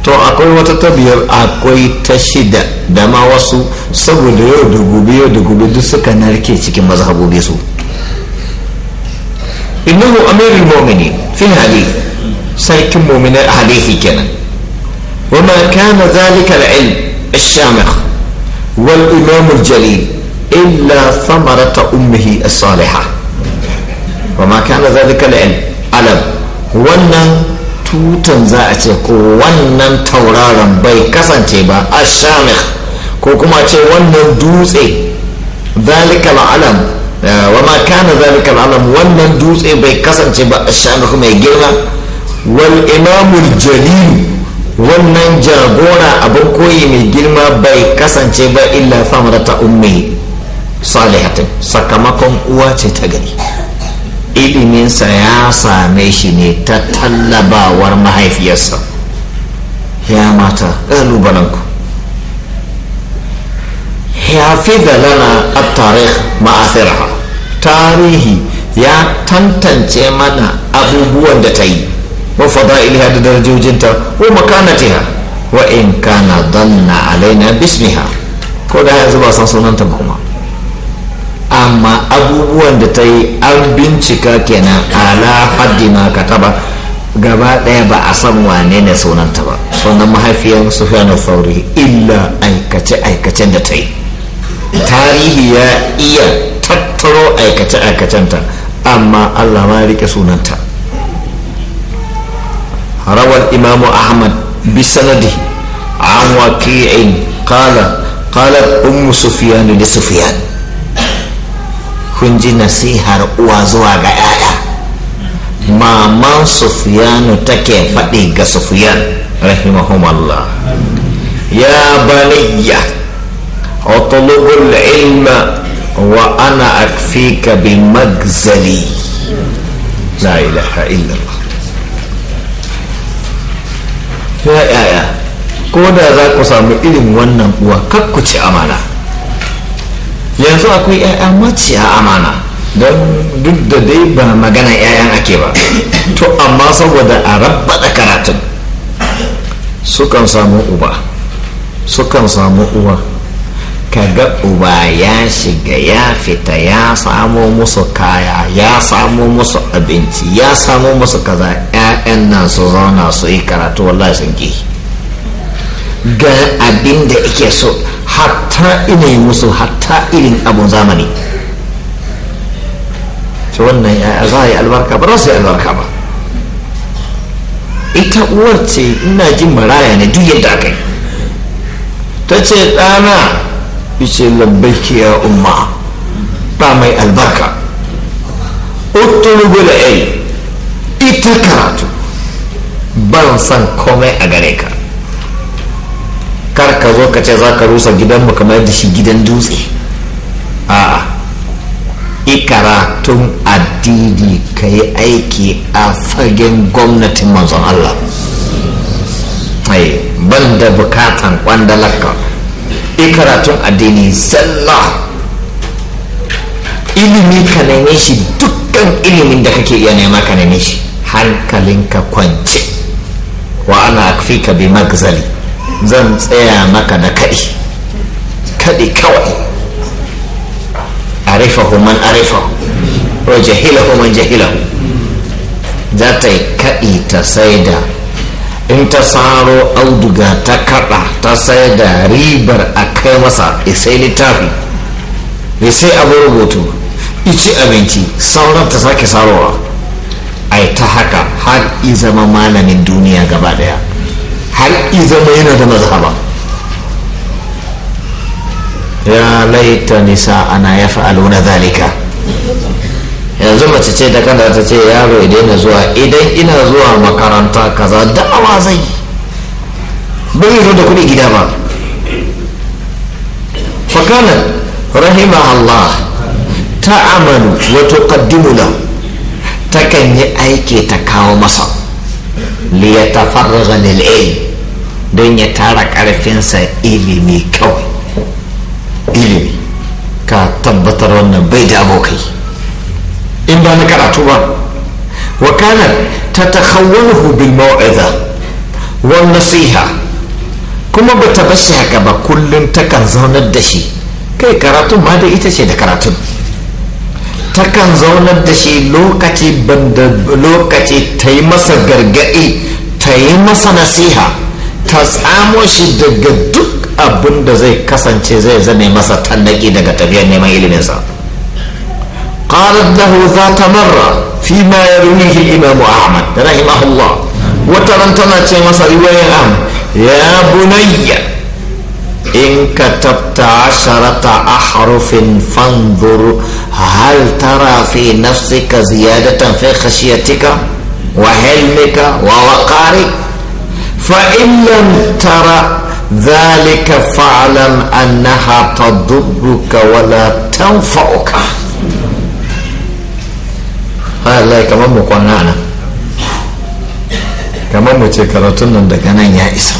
to akwai wata tabiyar akwai ta shida da ma wasu saboda yau da gobe yau da gobe duk suka narke cikin mazhabobi su innahu amirul mu'minin fi hadith sarkin mu'minai hadithi kenan zalika al-ilm وما كان ذلك العلم الشامخ والإمام الجليل إلا ثمرة أمه الصالحة وما zalika al-ilm alam wannan tutan za a ce ko wannan tauraron bai kasance ba a shamikh ko kuma ce wannan dutse zalikal alam eh, wa ma kana zalikal alam wannan dutse bai kasance ba a shamikh mai girma wal imamul jalil wannan jagora abin koyi mai girma bai kasance ba illa famar ummi salihatin sakamakon uwa ce ta gari iliminsa ya same shi ne ta tallabawar mahaifiyarsa ya mata ƙalubalanku ya fi da lana a tarih tarihi ya tantance mana abubuwan da ta yi mafada fada'iliha da darajojinta wa ha wa in kana dalla alaina bismiha ko da ya zuba san sunanta ba kuma amma abubuwan da ta yi an bincika kenan ala haddi ma kataba gaba daya ba a san wane ne sunanta ba sunan mahaifiyar sufyan sauri illa aikace aikacen da ta yi tarihi ya iya tattaro aikace aikacenta amma allah ma rike sunanta rawar imamu ahmad sanadi an waki'in ƙalar قالت أم da Sufiyan. kunji nasihar uwa zuwa ga 'ya'ya mama sufyanu take faɗi ga sufyan rahimahumallah ya baniya utlubul ilma wa ana akfika bil magzali la ilaha illallah ya yaya ko da za ku samu ilimin wannan uwa amana yanzu akwai 'ya'ya maciya amana don duk da dai ba magana 'ya'yan ake ba to amma saboda a da karatun sukan samu uba sukan samu uwa kaga uba ya shiga ya fita ya samo musu kaya ya samo musu abinci ya samo musu kaza 'ya'yan nan su zauna su yi karatu wallahi sun ga abin da ike so hatta ina yi musu hatta irin abun zamani ta wannan ya za a yi albarka ba za yi albarka ba ita uwar ce ina jin maraya ne duk yadda aka yi ta ce ɗana ice labbaiki ya umma ba mai albarka utulubu da ai ita karatu ban san komai a gare ka kar ka zo ka ce za ka rusa gidan gidanmu kamar da shi gidan dutse a tun addini ka yi aiki a fagen gwamnatin manzon Allah ban da bukatan kwandalarka tun addini sallah ilimi ka neme shi dukkan ilimin da kake iya nema ka neme shi hankalinka kwance wa ana fi ka bi magzali zan tsaya maka da kaɗi kaɗi kawai arifahu man arifahu wa jahila man jahila za ta yi kaɗi ta saida in ta tsaro auduga ta kaɗa ta saida ribar a kai masa isai littafi isai abu rubutu ici abinci sauran ta sake tsarowa ai ta haka har i zama malamin duniya gaba daya har izama yana da mazhaba ya laita nisa ana ya na zalika yanzu mace ce da kanta ta ce yaro idan daina zuwa idan ina zuwa makaranta kaza awa zai bai yi da kuɗi gida ba fakana rahima allah ta amanu wato kaddimula takan yi aiki ta kawo masa liya ta farraga lil'ilm don ya tara karfinsa ilimi kawai ilimi ka tabbatar wannan bai da abokai in ba na karatu ba wakanar ta takawwalhu bil ma'aiza wan nasiha kuma ba ta bashi haka ba kullum takan zaunar da shi kai karatun ma da ita ce da karatun takan zaunar da shi lokaci banda lokaci ta yi masa gargaɗi ta yi masa nasiha ta shi daga duk abin da zai kasance zai zame masa tallaki daga tafiyar neman iliminsa قالت له ذات مرة فيما يرويه الإمام أحمد رحمه الله وترنتنا تيمس رواية أم يا بني إن كتبت عشرة أحرف فانظر هل ترى في نفسك زيادة في خشيتك وحلمك ووقارك فإن لم ترى ذلك فاعلم أنها تضرك ولا تنفعك Allah kamar mu kwana nan kamar mu ce karatun nan daga nan ya isa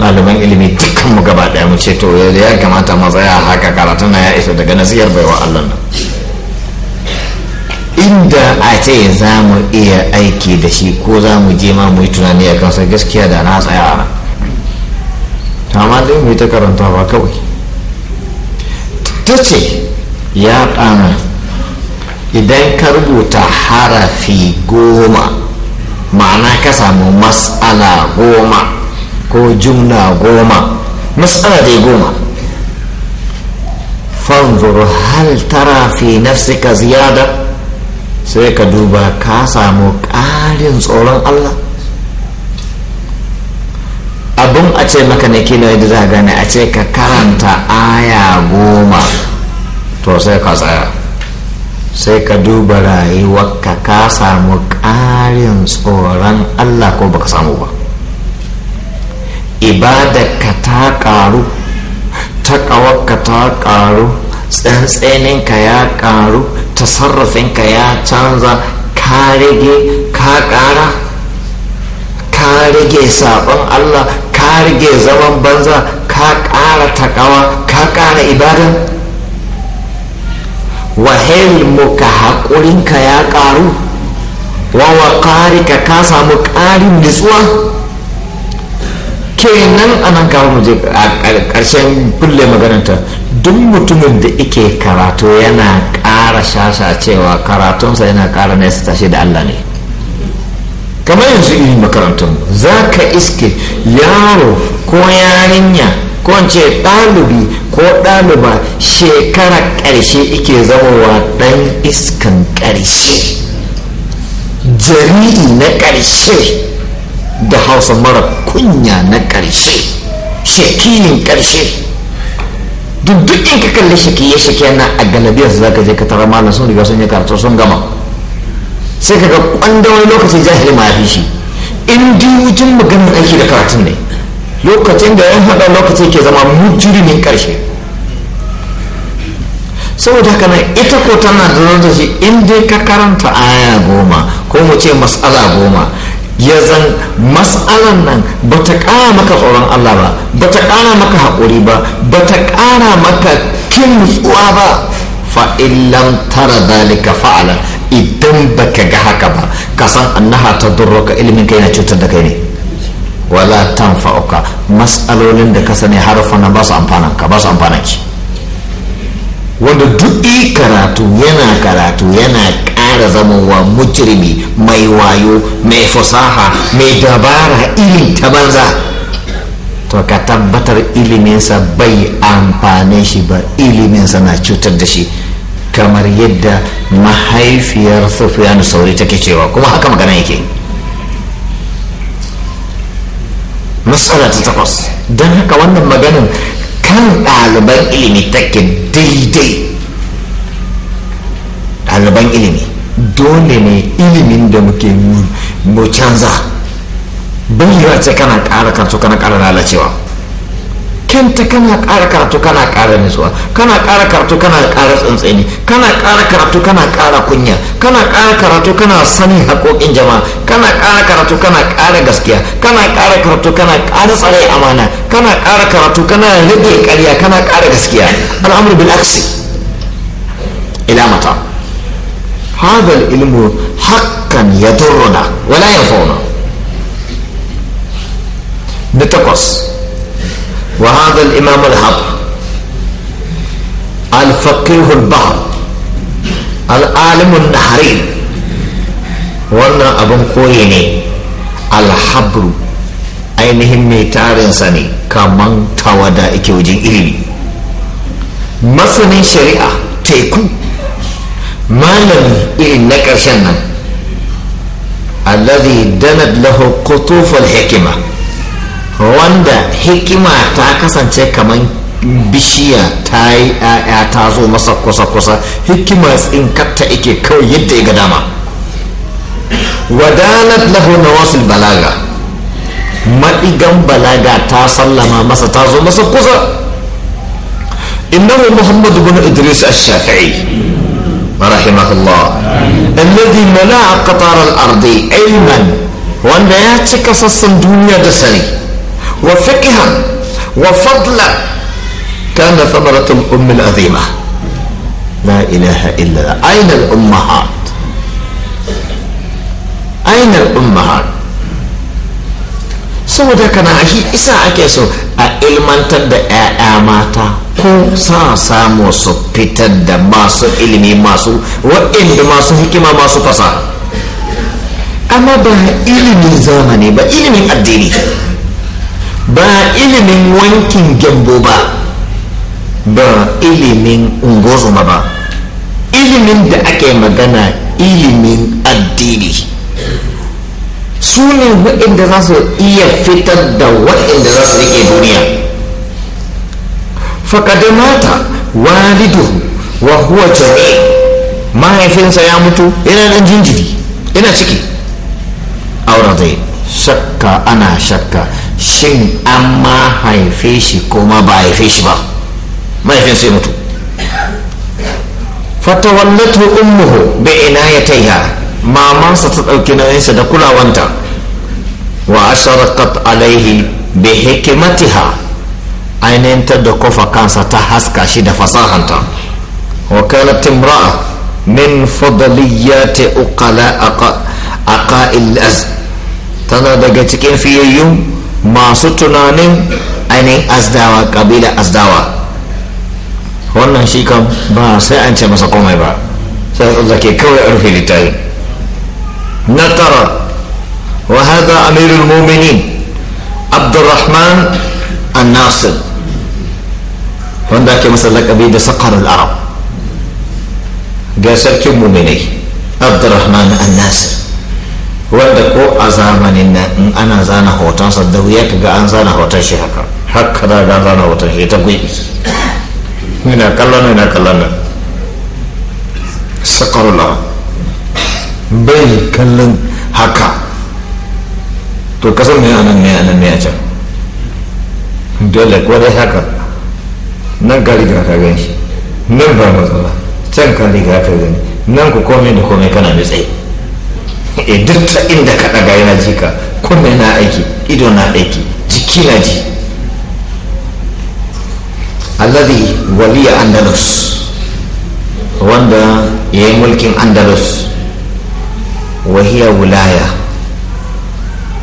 ɗaliban ilimi dukkan mu gaba ɗaya mu ce to ya kamata ya haka karatu nan ya isa daga siyar baiwa Allah nan inda a ce za mu iya aiki da shi ko za mu je ma mu yi tunani a kansa gaskiya da na tsaya na amma dai mu yi ta karanta ba kawai ta ce ya ɗana idan ka rubuta harafi goma ma'ana ka samu mas'ala goma ko jumla goma mas'ala dai goma fanzur hal tara fi nafsika ziyada sai ka duba ka samu ƙarin tsoron allah abin a ce maka ne kila yadda za gane a ce ka karanta aya goma to sai ka tsaya sai ka duba rayuwarka ka samu ƙarin tsoron allah ko baka samu ba ibadarka ta ƙaru taƙawarka ta ƙaru tsantseninka ya karu tasarrafinka ya canza ka rage ka kara ka sabon allah ka rage zaman banza ka kara takawa ka kara ibada wahilmuka haƙurinka ya karu wawa ƙarika ka samu ƙarin nutsuwa kenan anan kawo mu je ƙarshen kulle magananta duk mutumin da ike karatu yana kara shasha cewa karatunsa yana ƙara nesa tashi da allah ne kamar yanzu iri makarantun za ka iske yaro ko yarinya ko ce ɗalibi ko ɗaliba shekara ƙarshe ike zamowa ɗan iskan ƙarshe jari'i na ƙarshe da hausa mara kunya na ƙarshe shekilin ƙarshe duk duk in ka kalli shaki ya shaki yana a galabiyar za ka je ka tara malam sun riga sun yi karatu sun gama sai ka ga kwanda wani lokacin jahili ma ya shi in maganar aiki da karatun ne lokacin da yan haɗa lokaci ke zama mujurimin ƙarshe saboda haka nan ita ko tana da shi in dai ka karanta aya goma ko mu ce goma ya zan matsalan nan ba ta ƙara maka tsoron Allah ba ba ta ƙara maka haƙuri ba ba ta ƙara maka kin nutsuwa ba fa'ilan tara dalika fa'ala idan ba ka ga haka ba ka san annaha ta durroka ilimin kai na cutar da kai ne wala tanfa'uka matsalolin da ka sani harfa na ba su amfanan ka ba su amfanan ki wanda duk karatu yana karatu yana ƙara zamanwa mujrimi mai wayo mai fasaha mai dabara ilin ta banza to ka tabbatar iliminsa bai amfane shi ba iliminsa na cutar da shi kamar yadda mahaifiyar sufiyanu sauri take cewa kuma haka magana yake matsala ta takwas don haka wannan maganin kan ɗaliban ilimi take daidai ɗaliban ilimi dole ne ilimin da muke mu canza bayyana ce kana ƙara kansu kana ƙara lalacewa kenta kana ƙara karatu kana ƙara nutsuwa kana ƙara karatu kana ƙara tsantseni kana ƙara karatu kana ƙara kunya kana ƙara karatu kana sanin haƙoƙin jama'a kana ƙara karatu kana ƙara gaskiya kana ƙara karatu kana ƙara tsare amana kana ƙara karatu kana rage ƙarya kana ƙara gaskiya al'amur bil aksi ila mata هذا العلم حقا يضرنا ولا ينفعنا بتقص وهذا الإمام الحق الفقيه البحر العالم النحرين وانا ابن كويني الحبر ainihin mai tarinsa ne kaman tawada ike wajen ilimi masanin shari'a teku malami irin na ƙarshen nan allazi danat lahu qutufal hikima wanda hikima ta kasance kamar bishiya ta yi ‘ya'ya ta zo masa kusa-kusa hikima tsinkatta ike kawai yadda ya ga dama wadanat lahu na wasu balaga maɗigan balaga ta sallama masa ta zo masa kusa innahu muhammadu bin idris ash-shafi'i رحمه الله الذي ملا قطار الارض wanda ya cika sassan سسن da sani. وفكها وفضلا كان ثمرة الأم العظيمة لا إله إلا الله أين الأمهات أين الأمهات سو ده كان عشي إساء أكيسو أئلمان تد أعماتا كو ساسا موسو بتد ماسو إلمي ماسو وإند ماسو حكما ماسو فسا أما با إلمي زامني با الديني ba ilimin wankin gyambo ba ba ilimin ungozuma ba ilimin da ake magana ilimin addini su ne waɗanda za su iya fitar da waɗanda za su rike duniya fakadamata walidu wa huwa mahaifinsa ya mutu yana nan jinjiri yana ciki auren shakka ana shakka shin an ma haife shi ko ma ba haife shi ba mahaifin sai mutu fatawallatu ummuhu bi inayatiha mamansa ta dauki nauyinsa da kulawanta wa asharaqat alaihi bi hikimatiha ainihin ta da kofa kansa ta haska shi da fasahanta wa kanat timra'a min fadliyati uqala aqa'il az tana daga cikin fiyayyun masu tunanin ainihin asdawa kabila asdawa wannan shi kan ba sai an ce masa komai ba sai ke kawai a rufe littafi na tara wa haza amirul muminin abdurrahman annasir wanda ke masa lakabi da sakarul arab ga sarkin muminai abdurrahman annasir wanda ko a zamanin nan in ana zana sa da ya ka an zana hoton shi haka haka za ga zana hoton shi ta gwiɗi Ina kallon ina kallon nan sakarula bai kallon haka to kasan ne anan ne anan ne a can dole ko dai haka nan ka riga ka gani nan ba matsala can ka riga ka gani nan ku komai da komai kana mai tsaye e duk ta inda ka daga yana ji ka kunne na aiki ido na aiki jiki na ji alladhi waliya andalus wanda ya yi mulkin andalus wahiya wilaya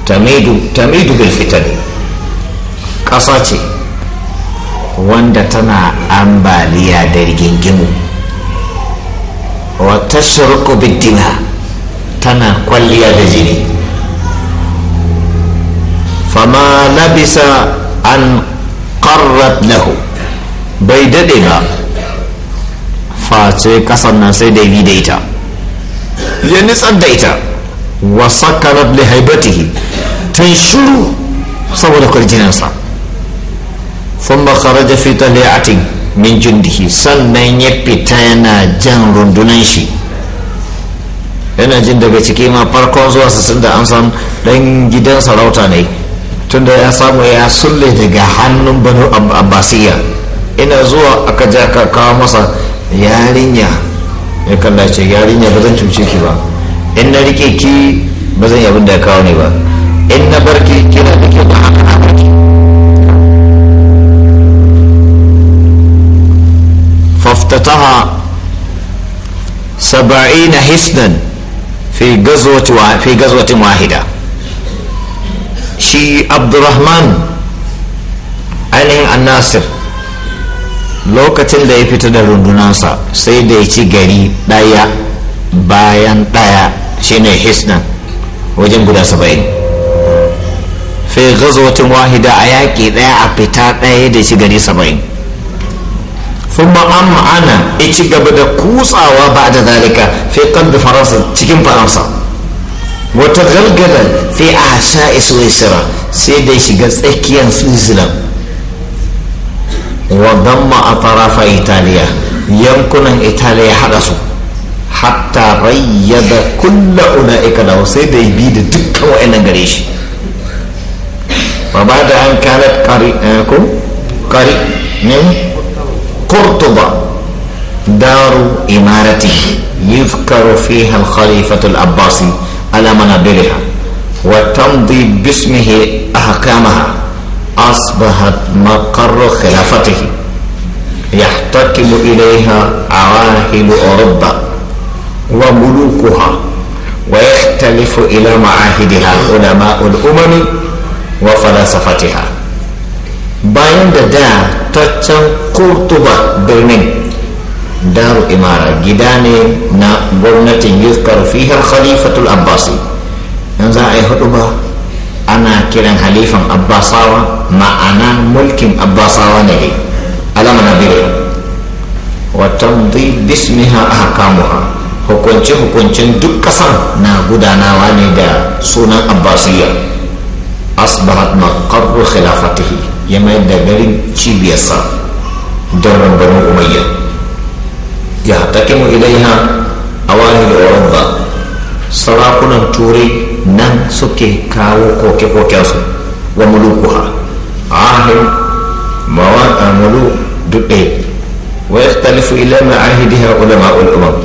tamidu bil fitani ƙasa ce wanda tana ambaliya da rigingimu wata shirku biddina tana kwalliya da jini fama labisa an ƙarrat lahu bai daɗe ba face ƙasar nan sai da bi da ita ya nisan da ita wasa karar da haibatihi tun shuru saboda kwarjinansa sun makara da fita liyatin min jundihi sannan ya fita yana jan rundunan shi yana jin daga ciki ma farkon zuwa su da an san dan gidan sarauta ne tunda ya samu ya sulle daga hannun banu abbasiya ina zuwa aka ja ka kawo masa yarinya ya kalla ce yarinya ba zan cuce ki ba in na rike ki ba zan yi da ya kawo ne ba in na bar ki kina da ba haka فافتتها na hisnan. fi gazwatin wahida shi abdurrahman ainihin annasir lokacin da ya fita da rundunansa sai da ya ci gari daya bayan ɗaya shine hisnan wajen guda saba'in fi gazwatin wahida a yaƙi ɗaya a fita ɗaya da ci gari saba'in ثم أم أنا إيشي قبل كوسا وبعد ذلك في قلب فرنسا تكين فرنسا وتغلغل في أعشاء سويسرا سيدا يشغل إكيان سويسرا وضم أطراف إيطاليا يمكن إيطاليا حدثوا حتى ريض كل أولئك lahu sai يبيد دكا وإن dukkan وبعد أن كانت قريب قريب da قرطبة دار إمارته يذكر فيها الخليفة العباسي على منابرها وتمضي باسمه أحكامها أصبحت مقر خلافته يحتكم إليها عواهل أوروبا وملوكها ويختلف إلى معاهدها علماء الأمم وفلسفتها bayan da da ta can kurtuba birnin daru imara gida ne na gwamnatin yuskar fihar khalifatul abbasi in za a yi hudu ba ana kiran halifan abbasawa ma'ana mulkin abbasawa ne dai alama na biyu watan bismiha ahkamuha hukunce-hukuncen duk kasan na gudanawa ne da sunan abbasiyya asbahat maqarru khilafatihi ya mai da garin cibiyarsa don rambanin umayya ya take taƙimu ilaiha a wahil urabba sarakunan turai nan suke kawo koke koke su. wa mulukuha ahim mawa amulu duɗe wa ya talifu ila ma'ahidiha ulama ul'umam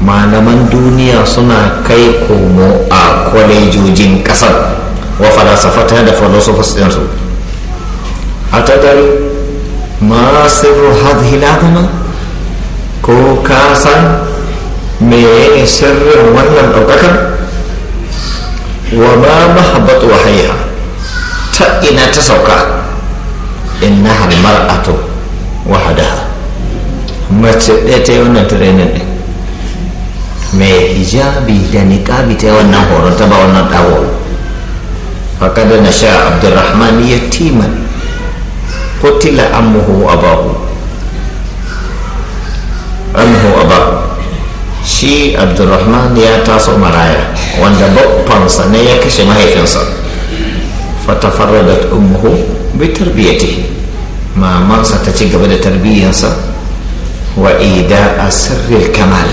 malaman duniya suna kai komo a kwalejojin kasar. وفلاسفتها the philosophers also أتدري ما سر هذه العظمة ko ka san menene sirrin wannan ɗaukakar wa ma mahabbatu wa haiha ta ina ta sauka innaha mar'atu wahadaha mace ɗaya ta yi wannan training ɗin mai hijabi da niƙabi ta yi wannan horon ta ba wannan ɗawo فقد نشا عبد الرحمن يتيما قتل عمه أباه عمه أباه شي عبد الرحمن يا تاسو مرايا وند بوبان سنيا كشي ما فتفردت أمه بتربيته ما مرسى تتيق بدا تربية وإيداء سر الكمال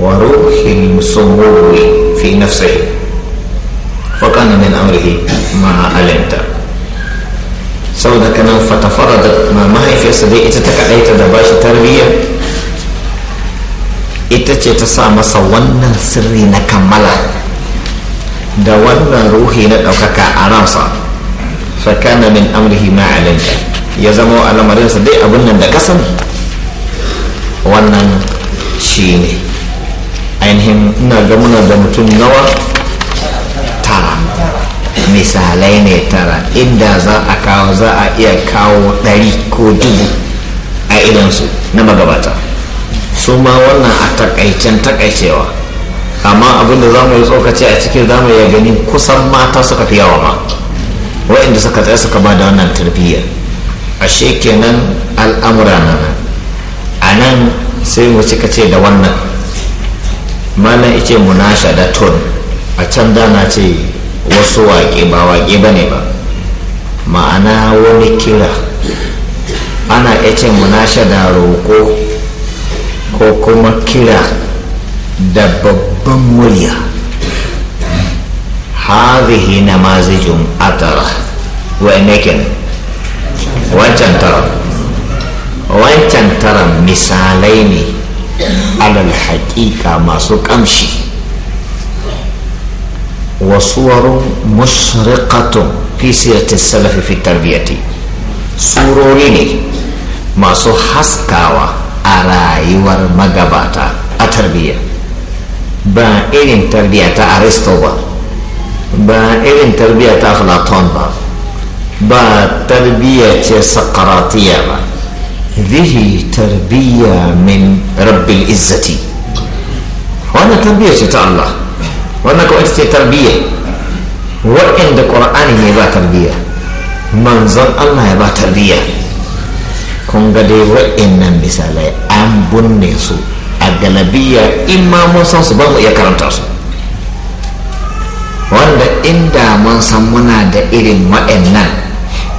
وروح المصمور في نفسه وكان من أمره ما علمت saboda kanan fatafara da mahaifiyarsa dai ita ta kaɗaita da ba shi tarbiyya ita ce ta sa masa wannan sirri na kammala da wannan ruhi na ɗaukaka a ransa fakana min amrihi ma alinka ya zama a lamarinsa dai abin nan da kasan wannan shi ne ainihin ina ga muna da mutum nawa misalai ne tara inda za a kawo za a iya kawo ɗari ko dubu a idansu na magabata su ma wannan a takaicen takaicewa amma abinda za mu yi tsokaci a cikin za mu yi gani kusan mata suka fi yawa ma waɗanda suka tsaye suka ba da wannan tarbiyya ashe kenan al'amura na nan a nan sai mu cika ce da wannan mana ice munasha da ton a can dana ce wasu waƙe ba waƙe ba ne ba ma'ana wani kira ana ce munasha da roƙo ko kuma kira da babban murya hazihi na mazijin atara wa'inakin wancan tara wancan tara misalai ne alal haƙiƙa masu ƙamshi وصور مشرقة في سيرة السلف في التربية سوروني ما سو حسكاوا أراي والمقباتا التربية با إلين تربية أرسطو با با إلين تربية أفلاطون با با تربية سقراطية با ذه تربية من رب العزة وانا تربية الله wannan kawai ce tarbiyya waɗanda ƙur'ani ne ba tarbiyya manzon allah ya ba tarbiyya kun ga dai waɗannan misalai an bunne su a galabiya in ma mun san su ba mu iya karanta su wanda inda mun san muna da irin waɗannan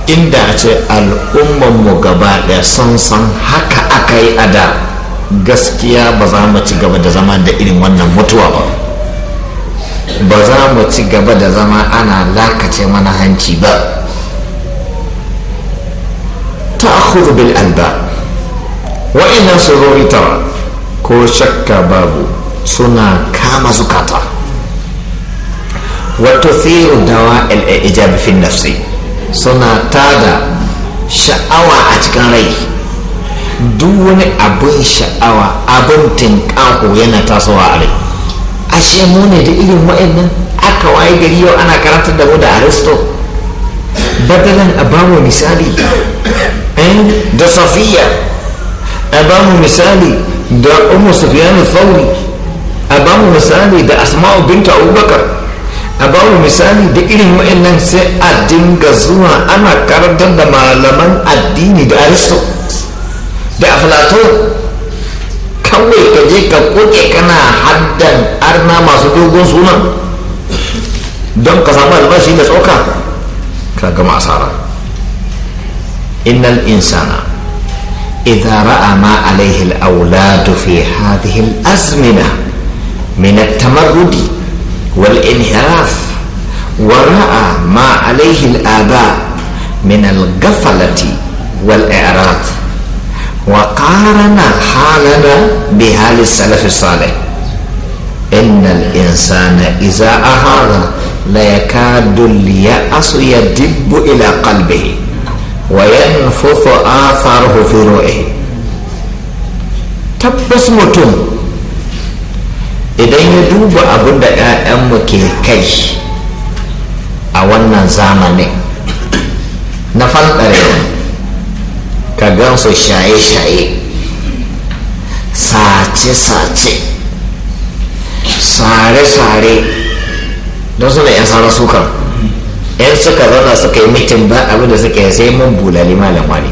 inda a ce al'ummanmu gaba ɗaya sun san haka aka yi a da gaskiya ba za mu ci gaba da zama da irin wannan mutuwa ba ba za mu ci gaba da zama ana lakace mana hanci ba ta akwai bil alba wa'annan su zo ita ko shakka babu suna kama zukata wato tsirin dawa al'ijab fi nafsi suna tada sha'awa a cikin rai duk wani abin sha'awa abin tinkaku yana tasowa a rai ashe mu ne da irin wa'annan aka waye gari yau ana karantar da mu da aristo badalan a mu misali da safiya a mu misali da umu sufiyanu fauri a mu misali da asma'u binta abubakar a mu misali da irin wa'annan sai a dinga zuwa ana karantar da malaman addini da aristo da aflato kawai ka je ka koke kana haddan arna masu dogon suna don ka samu albashi da tsoka ka gama asara innal insana idza ra'a ma alayhi al awladu fi hadhihi al-azmina min at-tamarrud wal-inhiraf wa ra'a ma alayhi al-aba min al-ghaflati wal-i'rad وقارن حالنا بحال السلف الصالح إن الإنسان إذا أهار لا يكاد اليأس يدب إلى قلبه وينفث آثاره في رؤيه تبس متم إذا يدوب duba abin da 'ya'yanmu ke kai a ka gansu shaye-shaye sace-sace sare-sare don suna 'yan sara sukan 'yan suka zauna suka yi mitin ba abinda da suke sai mun bulali malama ne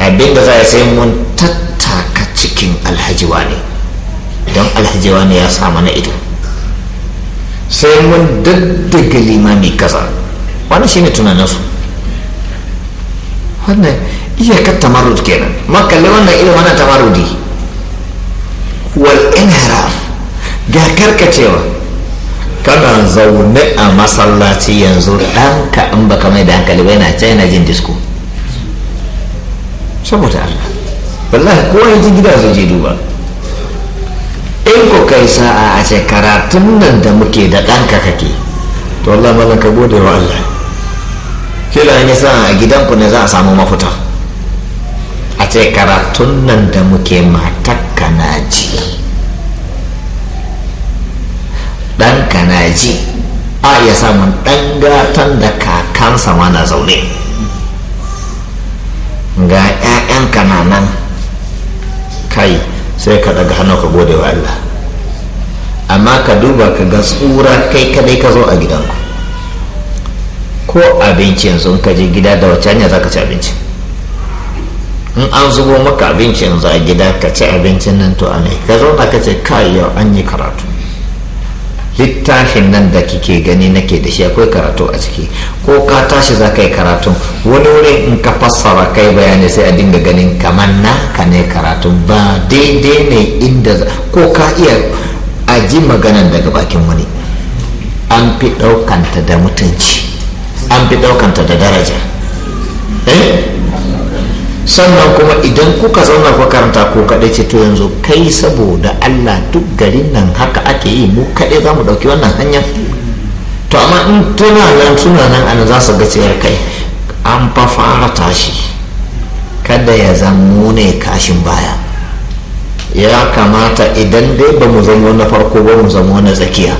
abin za a sai mun tattaka cikin alhajiwa ne don alhajiwa ne ya sa mana ido sai mun daddaga limami kaza shi ne tunaninsu wannan iyakar tamarud kenan makalle wannan irin wannan tamarudi wal inharaf ga karkacewa kana zaune a masallaci yanzu ɗanka in baka mai da hankali bai na jin disko saboda allah wallahi kowa ya ji gida zai je duba in ku kai sa'a a ce karatun nan da muke da ɗanka kake to allah mana ka gode wa allah kila ne sa sa'a a gidanku ne za a samu mafuta ce karatun nan da muke matakka na ji ɗanka na ji a ya samun ɗan gatan da kakansa mana zaune ga 'ya'yanka na kai sai ka daga hannu ka gode wa Allah amma ka duba ka ga tsura kai kadai ka zo a gidanku ko abincin sun kaji gida da wacce hanya za ka ci abinci in an zubo maka abinci yanzu a gida ka ci abincin nan to ne ka zauna ka ce kai yau an yi karatu littafin nan da kike gani nake da shi akwai karatu a ciki ko ka tashi za ka yi karatu wani wurin in ka fassara kai bayani sai a dinga ganin kamar na ka ne karatu ba daidai ne inda ko ka iya aji maganan daga bakin wani an fi ɗaukanta da mutunci an fi ɗaukanta da daraja eh sannan kuma idan kuka zauna ku karanta ko kaɗai ce to yanzu kai saboda allah duk garin nan haka ake yi mu kaɗai za mu ɗauki wannan hanya to amma in tuna nan suna nan ana za su ga kai an fa fara tashi kada ya zamo ne kashin baya ya kamata idan dai ba mu zamo na farko ba mu zamo na tsakiya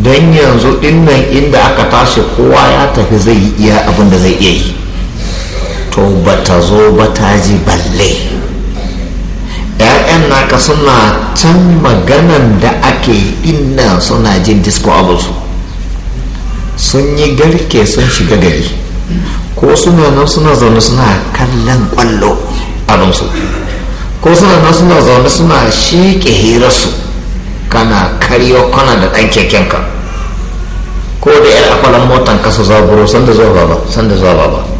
don yanzu dinnan inda aka tashi kowa ya tafi zai yi iya abin da zai iya yi to ba ta zo ba ta ji balle ‘ya'yan naka suna can maganan da ake inna suna jin disko abinsu sun yi garke sun shiga gari ko suna nan suna zaune suna kallon kwallo abinsu ko suna nan suna zaune suna sheke hirarsu kana karyo kana da ɗan ka ko da ‘yar akwalin motan kasa zaburo sanda zuwa baba sanda zuwa baba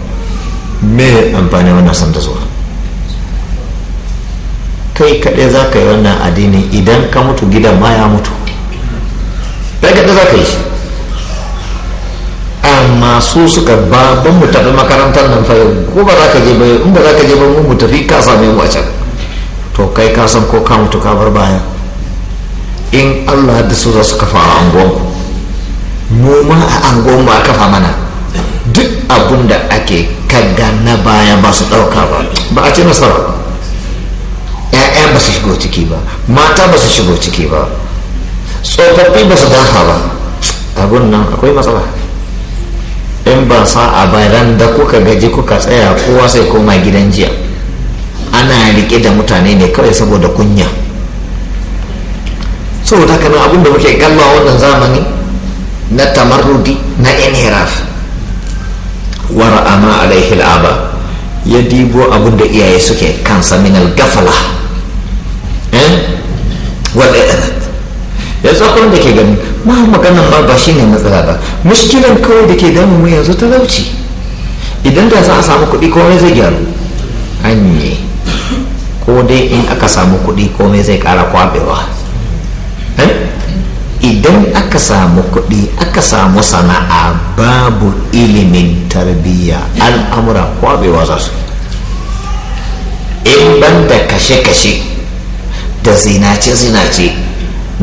me amfani wannan ta zuwa kai kaɗai za ka yi wannan addini idan ka mutu gidan ma ya mutu kai kaɗai za ka yi shi amma su suka ba ban mu tafi makarantar nan fayo ko ba za ka je ba in ba za ka je ba mu tafi ka same mu a to kai ka san ko ka mutu ka bar baya in allah da su za su kafa a angon mu ma a angon ba a kafa mana duk abun da ake kaga na baya ba su ɗauka ba ba a ce nasara ‘ya'ya ba su shigo ciki ba mata ba su shigo ciki ba tsofaffi ba su dafa ba abun nan akwai matsala in ba sa a bayan da kuka gaji kuka tsaya kowa sai koma gidan jiya ana rike da mutane ne kawai saboda kunya saboda haka nan abun da muke kalla wannan zamani na tamarudi na inhiraf a ma alaihi ya dibo abin da iyaye suke kansa min al-gafala eh? ya tsakon da ke gani ma maganan ba ba shi ne matsala ba mushkilan kawai da ke damu mu yanzu talauci idan da za a samu kuɗi komai zai gyaru hanye ko dai in aka samu kuɗi komai zai ƙara kwabewa eh? idan aka samu kuɗi aka samu sana'a babu ilimin tarbiyya al'amura kwabewa za su in ban da kashe-kashe da zinace-zinace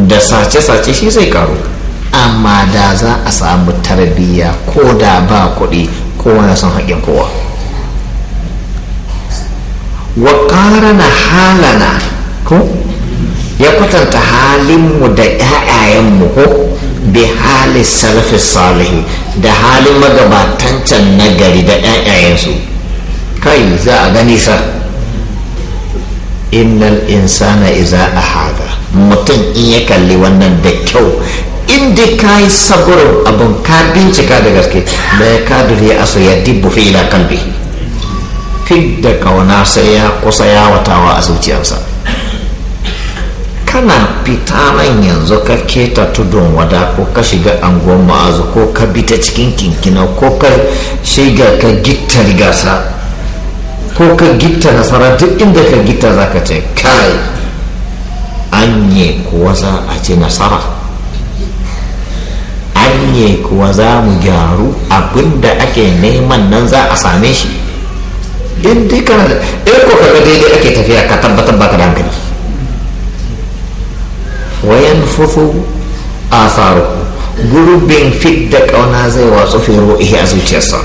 da sace-sace shi zai karu amma da za a samu tarbiyya ko da ba kuɗi ko wani son haƙin kowa wa ƙara na halana ko ya kwatanta halinmu da mu ko bi halin salafi salihi da halin magabatan can nagari da 'ya'yayensu kai za a gani sa innal insana iza a haga mutum in ya kalli wannan da kyau in ka yi saburin abin ka bincika da gaske da ya kadur ya aso ya dibbu fi ila kalbi fi da kauna sai ya kusa yawatawa a zuciyarsa kana fita nan yanzu ka keta tudun wada ko ka shiga angon ma'azu ko ka bi ta cikin kinkina ko ka shiga ka gitta gasa ko ka gitta nasara duk inda ka gitta za ka ce kai an yi kuwa za a ce nasara an yi kuwa za mu gyaru abinda ake neman nan za a same shi in dai kana da eh ko ka daidai ake tafiya ka tabbatar baka da hankali Wayan a asaru gurbin fit da kauna zai watsu fero ihe a zuciyarsa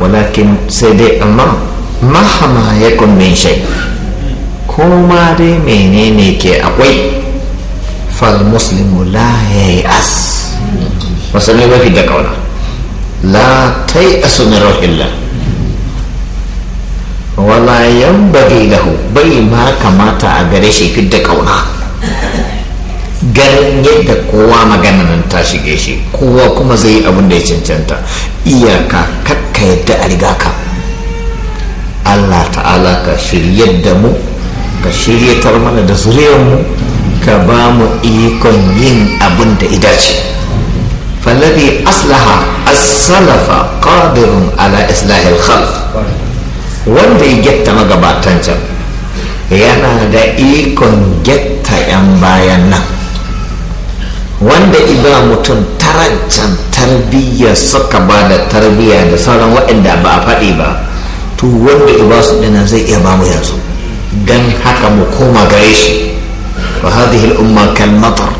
walakin sai dai amma mahama ya min shai kuma dai menene ke akwai fal muslimu la ya yi as musulmi ba da kauna la ta yi asu min wala yan bagi lahu bai ma kamata a gare shi da kauna ganin yadda kowa magana nan ta shige shi kowa kuma zai yi abin da ya cancanta iyaka kakka yadda a riga ka allah ta'ala ka shiryar da mu ka shiryatar mana da mu ka ba mu ikon yin abin da ce falari aslaha asalafa qadirun Ala Islahil khalf wanda ya gyatta magabatan can yana da ikon getta 'yan bayan nan wanda iba mutum tarancan tarbiyyar suka ba da tarbiyya da sauran waɗanda ba a faɗi ba to wanda iba su dinan zai iya ba mu yanzu don haka mu koma gare shi wa hadhihi al'umma kal matar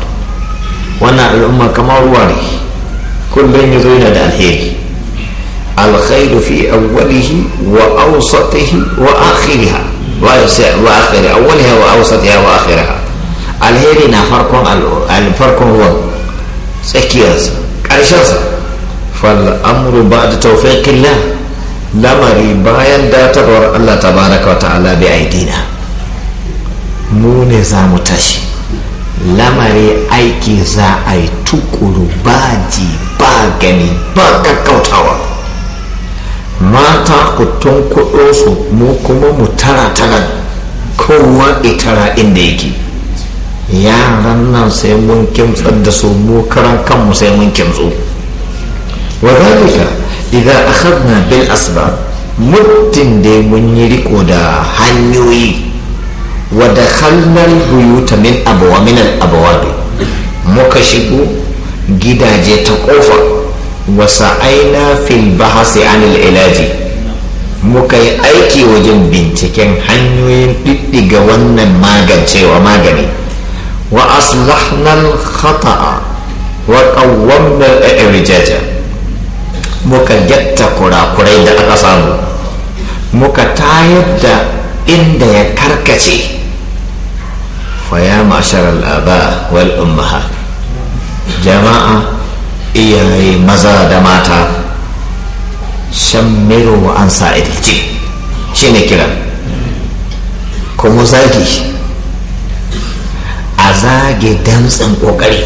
wannan al'umma kamar ruwa ne kullum ya zo yana da alheri alkhairu fi awwalihi wa awsatihi wa akhiriha ويصيع واخر اولها واوسطها واخرها alheri na farkon alfarkon ruwan tsakiyarsa ƙarshensa fal'amuru ba da taufaƙin la lamari bayan datarwar allah ta baraka wa ta'ala bi aidina mu ne za mu tashi lamari aiki za a yi tukuru ba ji ba gani ba kakkautawa mata ku tunkuɗo su mu kuma mu tara tara kowa itara inda yake yaran nan sai mun kimtsar da su mu karan kanmu sai mun kimtsu wa zalika idan akhadna bil asba muddin dai mun yi riko da hanyoyi wa dakhalna al buyuta min abuwa min al muka shigo gidaje ta kofa وسعينا في البحث عن العلاج muka yi aiki wajen binciken hanyoyin ɗiɗɗiga wannan magancewa magani wa aslahnan khata'a wa ƙawwamnar irjaja muka gyatta kurakurai da aka samu muka tayar da inda ya karkace fa ya ma'ashar al'aba wal ummaha jama'a iyaye maza da mata shan shammiru an sa sa'idilci shi ne kira kuma zagi a zage damtsin kokari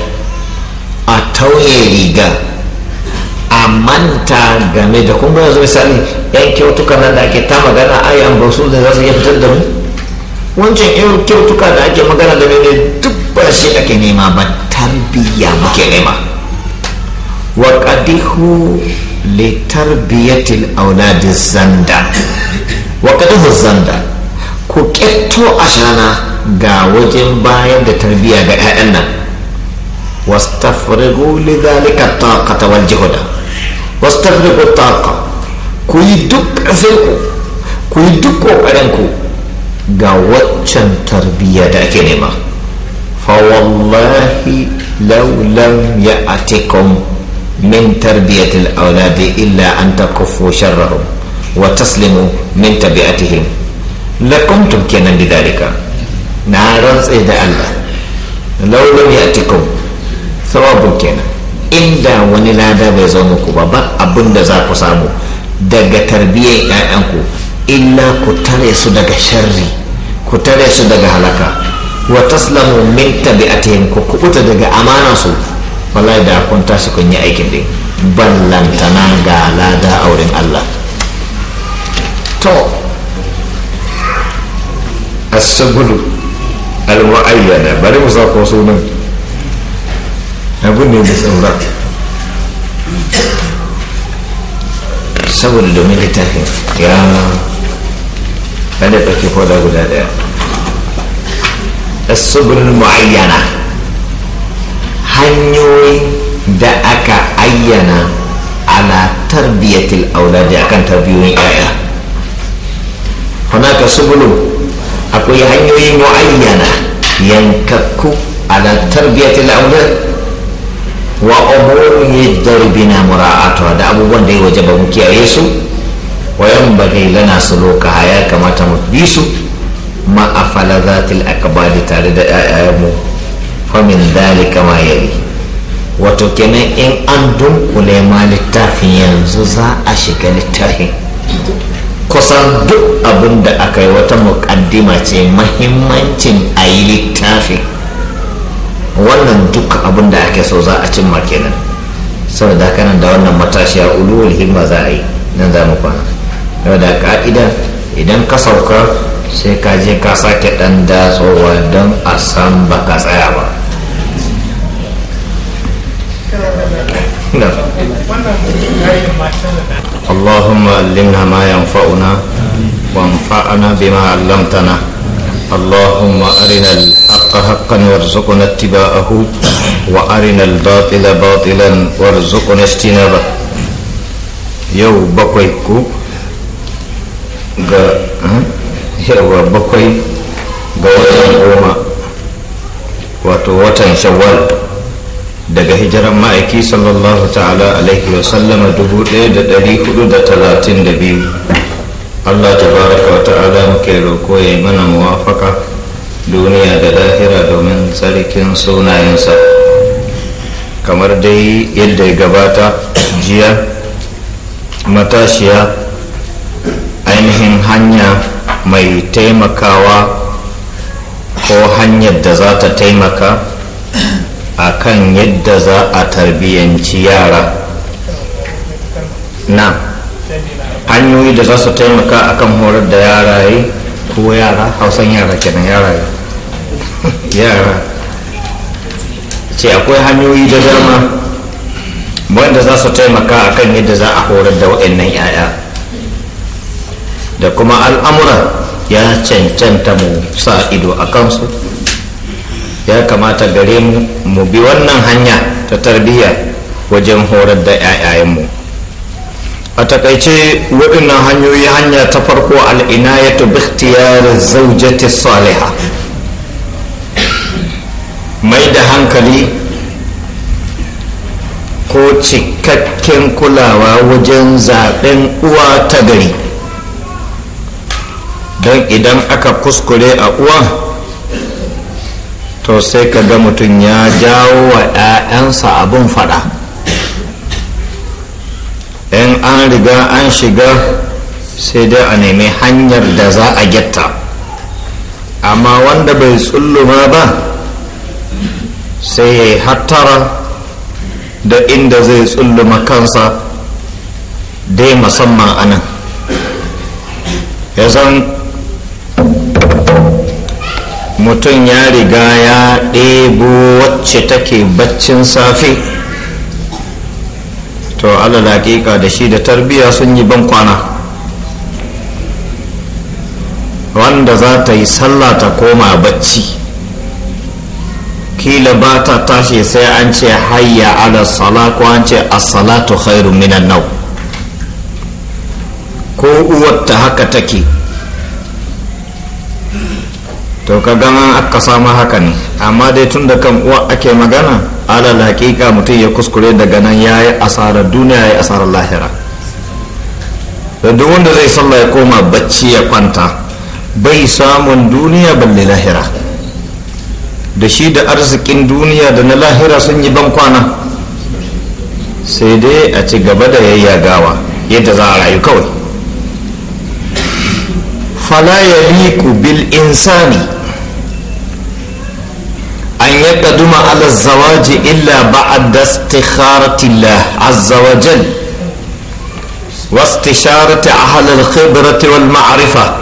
a tauye riga a manta game da kuma yanzu misali yan kyautuka nan da ake ta magana a yan ba da za su iya fitar da mu wancan yan kyautuka da ake magana da ne duk ba shi ake nema ba tarbiyya muke nema wa zanda ku ƙetto a shana ga wajen bayan da tarbiya ga 'ya'yan nan wastafrigu li dhalika ta wal juhda wastafrigu taqa ku yi duk ku ku yi duk kokarin ku ga waccan tarbiyya da ake nema fa wallahi law ya ya'atikum من تربية الأولاد إلا أن تكفوا شرهم وتسلموا من تبعتهم لكنتم كنا لذلك نارا سيد الله لو لم يأتكم ثواب كنا inda wani lada bai zo muku ba ba abunda za ku samu daga tarbiyyar 'ya'yanku illa ku tare su daga sharri ku tare su daga halaka wa taslamu min tabi'atihim ku kuɓuta daga amanansu wallahi da kun tashi kun yi aikin din lantana ga lada auren Allah to asabulu al-mu'ayyana bari mu sako sunan abun ne da saura saboda domin littafin ya ɗan da ɗauke koda guda ɗaya asabulu mu'ayyana hanyoyi da aka ayyana ala tarbiyyatil auladi akan tarbiyoyin yaya hunaka subulu akwai hanyoyi muayyana yankakku ala tarbiyyatil auladi wa umurin yadda mura'atuwa da abubuwan da ya waje ba mu kiyaye su wa wayan bagai lana su loka ya kamata mu bi su ma a zatil akbadi tare da 'ya'yanmu famin dalika ma yari wato kenan in an dunkule ma littafin yanzu za a shiga littafin kusan duk abin da aka yi wata mukaddima ce mahimmancin a yi littafin wannan duk abin da ake so za a cimma kenan saboda haka nan da wannan matashi a uluwar himma za a yi nan za mu kwana yau da ka'ida idan ka sauka sai ka je ka sake dan datsowa don a san baka tsaya ba نعم اللهم علمنا ما ينفعنا وانفعنا بما علمتنا اللهم أرنا الحق حقا وارزقنا اتباعه وأرنا الباطل باطلا وارزقنا اجتنابه يو بقيكو yawa bakwai ga watan goma wato watan shawwal daga hijiran ma'aiki sallallahu ta'ala alaihi da biyu allah tabaraka wa ta'ala muke roko ya yi mana muwafaka duniya da lahira domin tsarkin sunayensa kamar dai yadda ya gabata jiya matashiya ainihin hanya mai taimakawa ko hanyar da za ta taimaka a kan yadda za a tarbiyyanci yara na hanyoyi da za su taimaka a kan horar da yi ko yara hausan yara kenan yi [LAUGHS] yara ce akwai hanyoyi da dama wanda za su taimaka a kan yadda za a horar da waɗannan 'ya'ya da kuma al'amura ya cancanta mu sa ido a kansu ya kamata gare mu mu bi wannan hanya ta tarbiyya wajen horar da 'ya'yayenmu a takaice waɗannan hanyoyi hanya ta farko al'ina ya ikhtiyar zaujati saliha mai da hankali ko cikakken kulawa wajen zaɓen uwa ta gari don idan aka kuskure a uwa to sai ka ga mutum ya jawo wa 'ya'yansa abun fada in an riga an shiga sai dai a nemi hanyar da za a getta amma wanda bai tsulluma ba sai ya hattara da inda zai tsulluma kansa dai musamman anan ya zan mutum ya riga ya ɗebo wacce take baccin safe to allah laƙiƙa da shi da tarbiyya sun yi ban kwana wanda za ta yi sallah ta koma bacci kila ba ta tashi sai an ce hayya ala sala ko an ce as-salatu khairu minan nau ko uwarta haka take to ka gama aka samu haka ne amma dai tun da kan uwa ake magana ala hakika mutum ya kuskure daga nan ya yi asarar duniya ya yi asarar lahira da duk wanda zai sallah ya koma bacci ya kwanta bai samun duniya balle lahira da shi da arzikin duniya da na lahira sun yi ban kwana sai dai a ci gaba da yayya gawa yadda za a rayu kawai fala ya liku bil insani أن يقدم على الزواج إلا بعد استخارة الله عز وجل واستشارة أهل الخبرة والمعرفة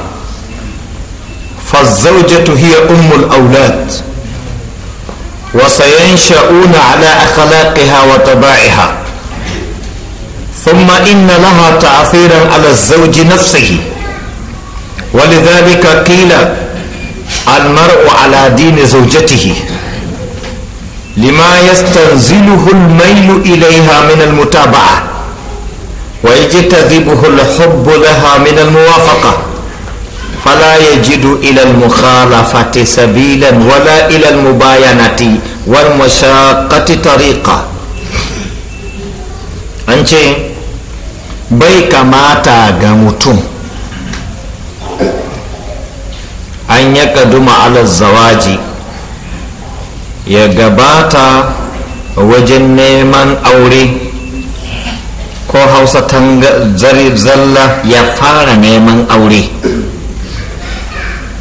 فالزوجة هي أم الأولاد وسينشأون على أخلاقها وطبائعها ثم إن لها تأثيرا على الزوج نفسه ولذلك قيل المرء على دين زوجته لما يستنزله الميل إليها من المتابعة ويجتذبه الحب لها من الموافقة فلا يجد إلى المخالفة سبيلا ولا إلى المباينة والمشاقة طريقة أنت بيك ما غمتم أن يكدم على الزواج ya gabata wajen neman aure ko hausa zalla ya fara neman aure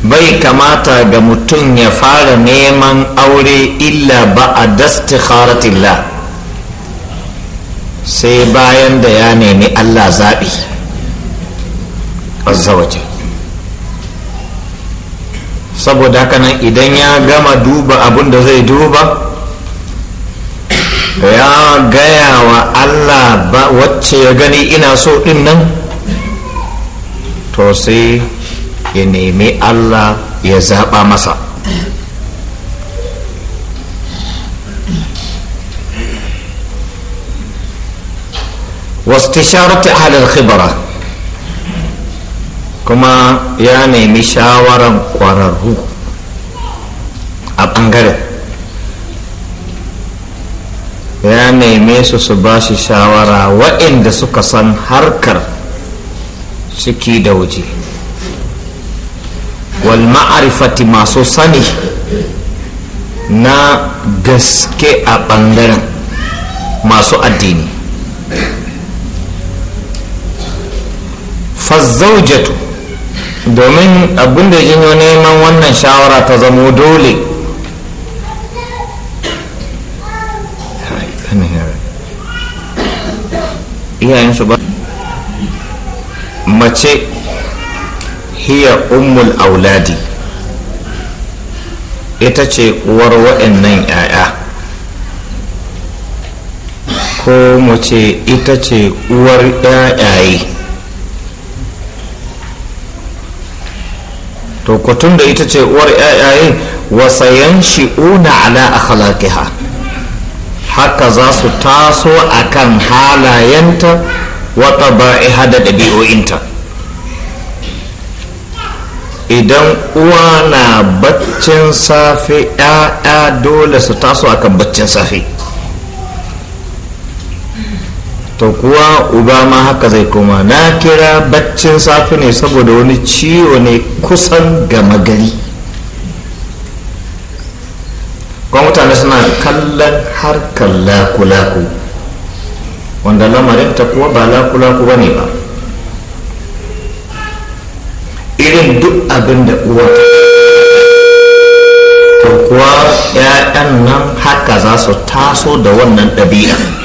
bai kamata ga mutum ya fara neman aure illa ba a dastikharatillah sai bayan da ya nemi allah zaɓi a saboda haka nan idan ya gama duba abun da zai duba ya gaya wa allah ba wacce ya gani ina so din nan to sai ya nemi allah ya zaba masa wasu tisharar ta halar khibara kuma ya nemi shawaran kwararru a bangare ya neme su su ba shi shawara waɗanda suka san harkar suke da waje wal ma'arifati masu sani na gaske a ɓangaren masu addini fazzaujatu domin abinda janyo neman wannan shawara ta zamo dole mace hiya umul auladi ita ce uwar waɗannan 'ya'ya ko mace ita ce uwar 'ya'yaye to kwatun da ita ce uwar yayaye wasayan shi'una ala akhlaqiha haka za su taso akan halayenta wata ba'iha da ɗabi'o'inta idan uwa na baccin safe 'ya'ya dole su taso akan baccin safe to kuwa uba ma haka zai koma na kira baccin safi ne saboda wani ciwo ne kusan gama gari kuma mutane suna kallon harkar laku wanda lamarin ta kuwa ba laku-laku ba ne ba irin duk abin da uwa to kuwa 'ya'yan nan haka za su taso da wannan ɗabi'a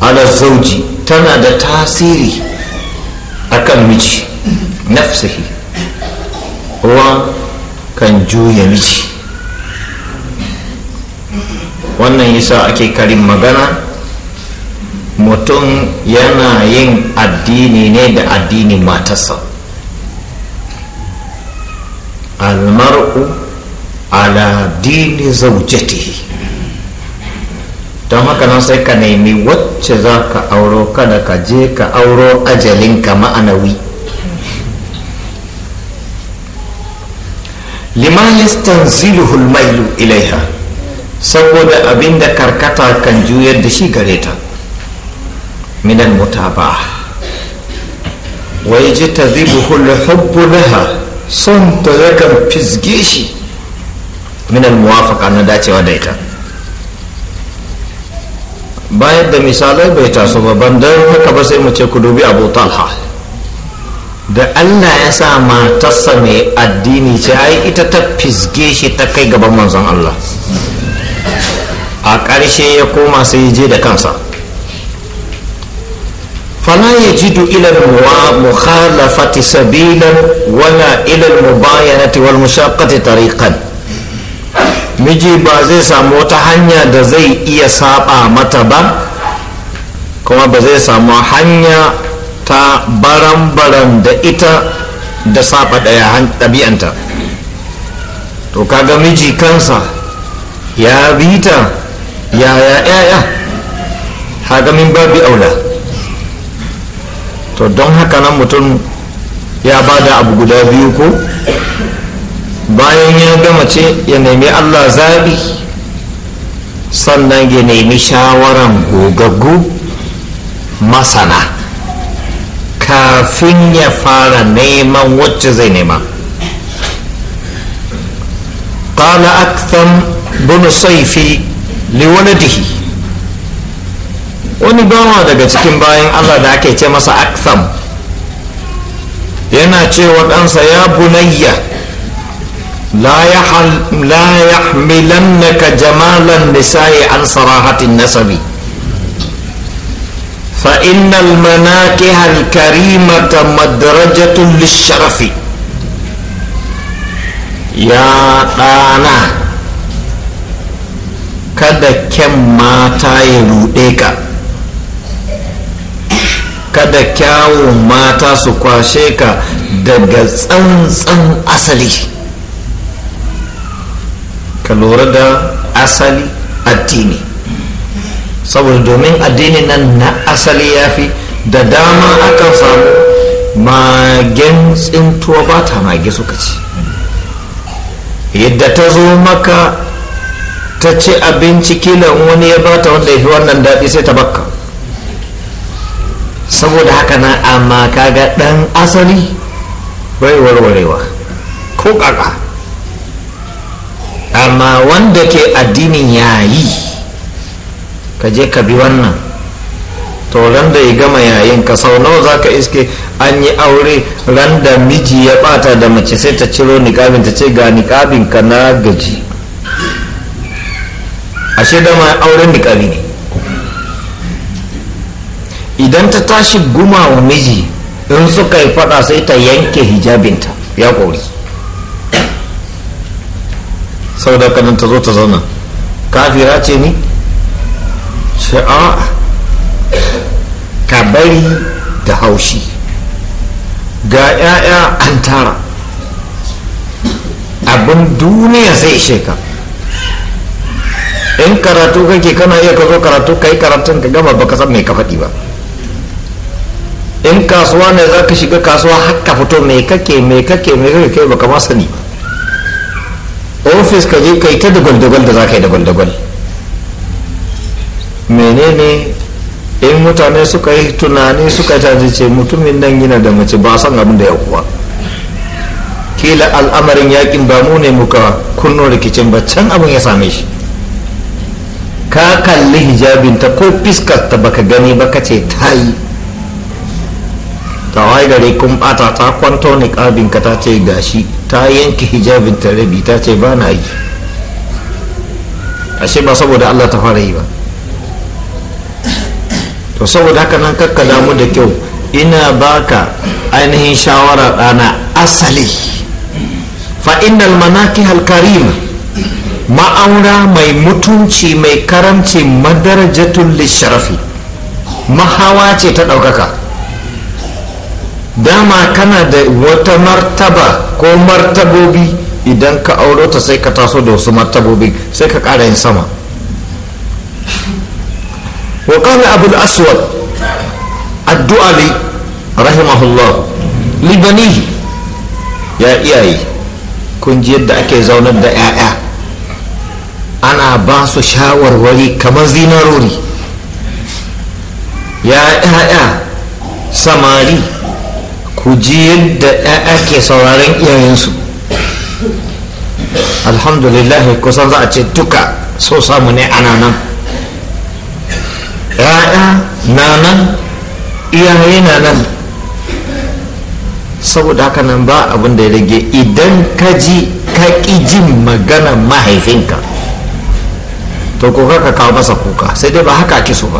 ala zauji tana da tasiri akan miji nafsihi ruwa kan juya miji wannan yasa ake karin magana mutum yana yin addini ne da addinin matarsa almar'u ala dini zaujatihi don haka nan sai ka nemi wacce za ka auro kada ka je ka auro ajalinka ma'anawi liman listan mailu ilaiha saboda abinda karkata kan juyar da shi gare ta minan ba wai ji ta zibuhul hubbu laha son ta zakan fisge shi minal muwafaka na dacewa da ita bayan da misalai bai taso ba ban don haka ba sai mu ce ku dubi abu talha da allah ya sa matarsa mai addini ce ai ita ta fisge shi ta kai gaban manzon allah a ƙarshe ya koma sai ya je da kansa Fana ya ilar ilal wana sabilan wala ilal mubayanati wal mushaqqati tariqan miji ba zai samu wata hanya da zai iya saba mata ba kuma ba zai samu hanya ta baran-baran da ita da saba ɗaya ɗabi'anta to kaga miji kansa ya bita ya ya ya haga babi aula to don haka nan mutum ya bada abu guda biyu ko bayan ya gama ce ya nemi allah zabi sannan ya nemi shawaran gogaggu masana kafin ya fara neman wacce zai nema ƙala aktham bunu saifi liwaladihi wani bawa daga cikin bayan allah da ake ce masa aktham yana cewa ɗansa ya bunayya لا يحل لا يحملنك جمال النساء عن صراحة النسب فإن المناكه الكريمة مدرجة للشرف يا قانا kada كم mata ya rude ka kada kyawun mata su kwashe ka ka lura da asali addini saboda domin addini nan na asali ya fi da dama akan samu magen tsintuwa ba ta mage suka ce yadda ta zo maka ta ci abinci kila wani ya bata wanda ya fi wannan daɗi sai ta bakka saboda haka na amma kaga ɗan asali bai warwarewa ko ƙaƙa amma wanda ke addinin yayi ka je ka bi wannan to ran da ya gama yayin ka sau nawa za ka iske an yi aure ran da miji ya bata da mace sai ta ciro niƙabin ta ce ga niƙabin ka na gaji ashe da ma auren niƙabi ne idan ta tashi gumawa miji in suka yi fada sai ta yanke hijabinta ya ƙori saboda kanan ta zo ta zauna kafira ce ni ce a ka bari da haushi ga 'ya'ya an tara abin duniya sai ishe ka in karatu kake kana iya ka zo karatu ka yi karatun ka gama baka san mai ka faɗi ba in kasuwa ne za ka shiga kasuwa haka fito mai kake mai kake mai kake kai baka ma sani ba ofis ka je kai ta dagwal-dagwal da za ka yi dagwal-dagwal menene in mutane suka yi tunani suka ce mutumin nan yana da mace ba san abin da ya kuwa kila al'amarin yakin ba mu ne muka kunno rikicin ba can abin ya same shi ka kalli hijabinta ko ta baka gani ba ka ce ta yi ta gare kun bata ta kwanto ne ka ta ce gashi ta yanke hijabin tare rabi ta ce ba na yi ashe ba saboda allah ta fara yi ba to saboda haka nan kakka damu da kyau ina baka ainihin shawara ɗana asali fa innal manaki halkarim ma'aura mai mutunci mai karamci madarajatun lisharafi mahawa ce ta ɗaukaka dama kana da wata martaba ko martabobi idan ka auro ta sai ka taso da wasu martabobi sai ka kara yin sama wa abu abul aswad addu'a li rahimahullah libani ya iyaye kun ji yadda ake zaunar da 'ya'ya ana ba su shawarwari kamar zinarori ya 'ya'ya samari ku ji yadda ɗaya ke sauraron iyayensu alhamdulillah kusan za a ce duka so samu ne ana nan ya'ya na nan iyaye na nan saboda haka nan ba abin da ya rage idan ka ji ka ƙi jin magana mahaifinka to ko ka kawo masa kuka sai dai ba haka ake so ba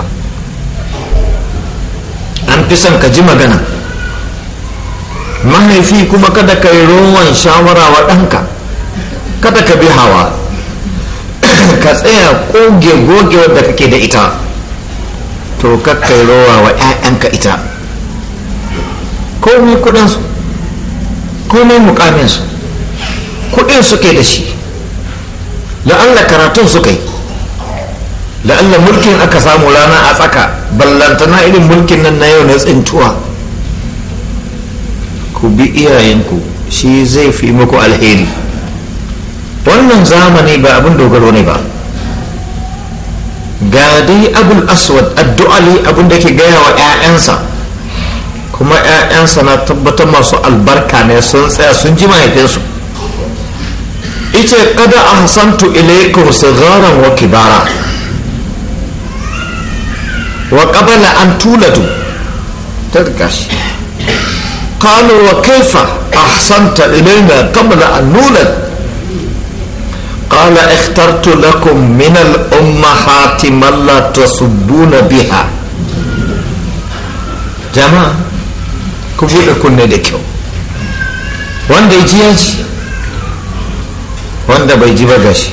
an fi son ka ji magana mahaifi kuma kada ka yi rowan shawara wa ɗanka kada ka bi hawa [COUGHS] ka tsaya goge goge wadda kake da ita to kai rowa wa ƴaƴanka ita komai kudinsu komai mukaminsu kudin suke da shi la'alla karatun suka yi la'alla mulkin aka samu rana a tsaka ballantana irin mulkin nan na yau na tsintuwa ku bi iyayenku shi zai fi muku alheri wannan zamani ba abin dogaro ne ba ga dai abul aswad addu'ali abin da ke gaya wa 'ya'yansa kuma 'ya'yansa na tabbatar masu albarka ne sun tsaya sun ji mahaifinsu ice kada a hasantu ilaikum sigaran wa kibara wa qabala an tulatu tadkash قالوا وكيف أحسنت إلينا قبل أن نولد قال اخترت لكم من الأمهات ما لا تصبون بها جماعة كبير كنا دكيو وان دي جياجي وان دي جيبا جاشي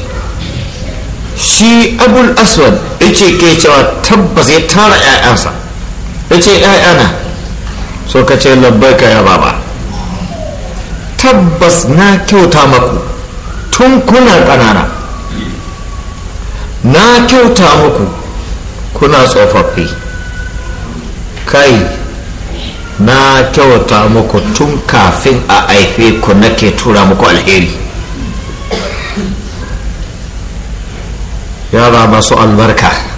shi abul aswad ya ce ke cewa tabbas ya tara 'ya'yansa ya ce 'ya'yana so ka ce labbaika ya baba tabbas na kyauta maku tun kuna ƙanana na kyauta muku kuna tsofaffi kai na kyauta muku tun kafin a aife ku nake tura muku alheri yara masu albarka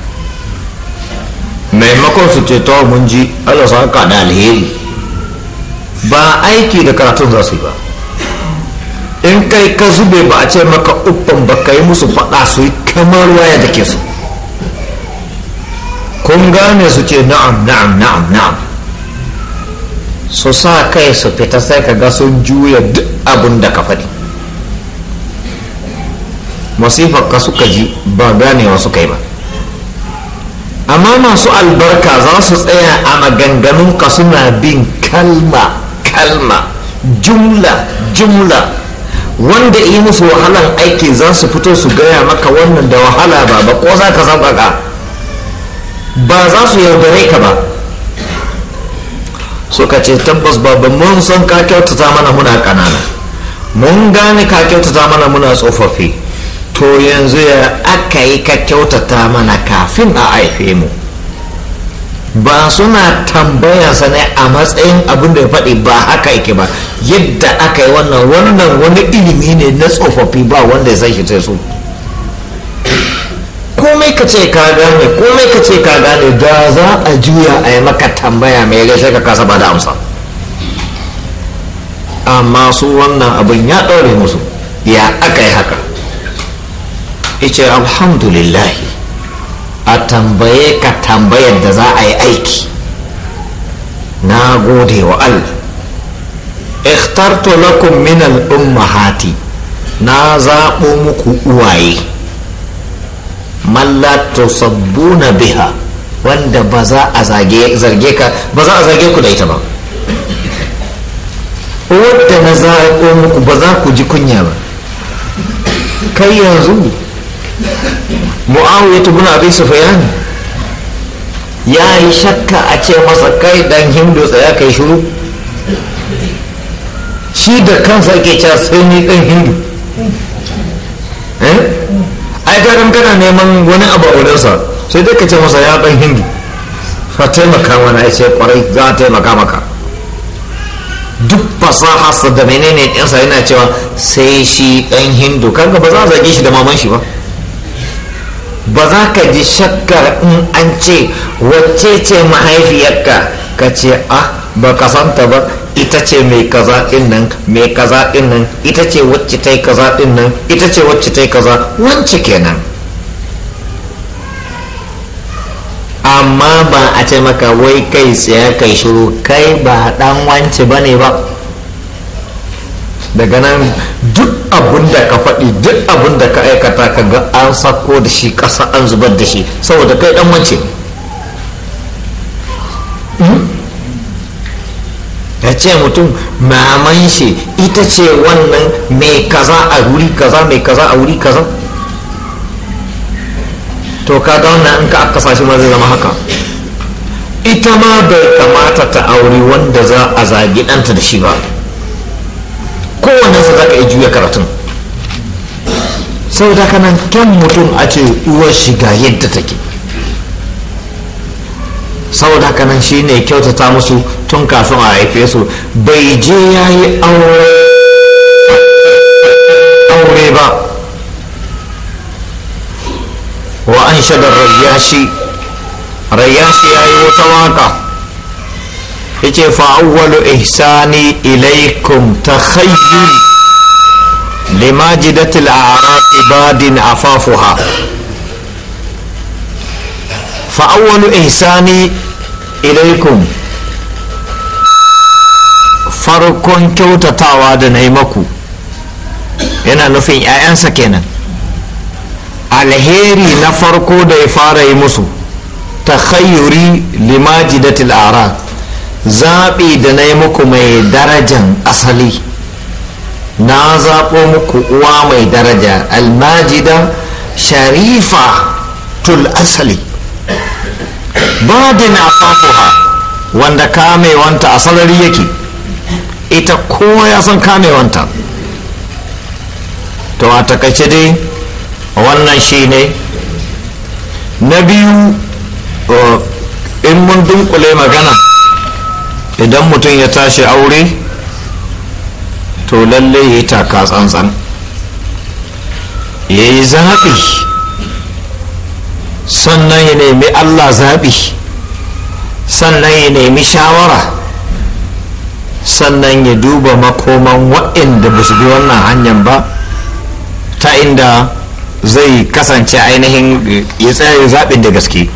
maimakon su ce mun ji Allah sa haka da alheri ba aiki da karatun za su yi ba in kai ka zube ba a ce maka uban ba ka yi musu faɗa su yi kamar waya da ke su kun gane su ce na'am na'am na'am na'am su sa kai su fita sai ka ga sun juya duk abin da ka faɗi masifar ka suka ji ba ganewa suka yi ba amma masu albarka za su tsaya a maganganun ka suna bin kalma kalma jumla jumla wanda yi musu wahalan aiki za su fito su gaya maka wannan da wahala ba ba ko za ka zaɓaɓa ba za su yaudare ka ba suka ce tabbas babu mun san ka kyautata mana muna ƙanana mun gane ka kyautata mana muna tsofaffi to yanzu ya aka yi ka kyautata mana kafin a haife mu ba suna sa ne a matsayin abin da ya faɗi ba haka yake ba yadda aka yi wannan wannan wani ilimi ne na tsofaffi ba wanda ya shi sai su komai ka ce ka gane komai ka ce ka gane da za a juya a yi maka tambaya mai gaishe ka kasa ba da amsa amma su wannan abin ya ɗaure musu ya aka yi haka ce alhamdulillah a tambaye ka tambayar da za a yi aiki na gode wa allah ikhtartu lakum min al-ummahati na zaɓo muku uwaye mallato sabbuna biha wanda ba za a zarge ka ba za a zarge ku da ita ba wadda na zaɓo muku ba za ku ji kunya ba kai yanzu ta tubuna abin sufiyan ya yi shakka a ce masa kai dan hindu tsaya kai shuru shi da kansa ke cewa sai ni dan hindu eh? ai garin gana neman wani abu a wurinsa sai dai ka ce masa ya dan hindu ka taimaka mana ya ce kwarai za a taimaka maka duk fasaharsa da menene ɗinsa yana cewa sai shi dan hindu kanka ba za a zage shi da maman shi ba ba za ka ji shakkar in an ce wacce ce mahaifiyarka ka ce ah ba ka santa ba ita ce mai kaza din nan mai kaza din nan ita ce wacce ta yi kaza din nan ita ce wacce ta yi kaza wance kenan amma ba a ce maka wai kai tsaye kai shiru kai ba dan wance ne ba daga nan duk abun da ka faɗi duk abun da ka aikata ka ga an sako da shi ƙasa an zubar da shi saboda kai ɗan mace hmm? ya ce mutum maman shi ita ce wannan mai kaza a wuri kaza mai kaza a wuri kaza to ka ga wannan in ka aka sashi ma zai zama haka ita ma bai kamata ta auri wanda za a zagi ɗanta da shi ba kowane su zaka iya juya karatun Sau da kanan kyan mutum a ce uwar shiga yadda take sau da kanan shi ne kyautata musu tun kafin a haife su bai je ya yi aure ba wa an shaɗar rayyashi rayyashi ya yi wata waka yace fa awwalu ihsani ilaikum takhayyul limajidatil a'raq ibadin afafuha fa awwalu ihsani ilaikum farkon kyautatawa da na yi maku yana nufin 'ya'yansa kenan alheri na farko da ya fara yi musu Ta takhayyuri limajidatil a'raq zaɓi da na yi muku mai darajan asali na zaɓo muku uwa mai daraja almajida sharifa tul asali Ba badin ha wanda kamewanta a salari yake ita kowa ya san kamewanta to a takaice dai wannan shi ne na biyu uh, in mun dunkule magana idan mutum ya tashi aure to lalle ya yi taka tsantsan ya yi zaɓi sannan ya nemi allah zaɓi sannan ya nemi shawara sannan ya duba makoman waɗanda ba su bi wannan hanyar ba ta inda zai kasance ainihin ya tsaye zaɓin da gaske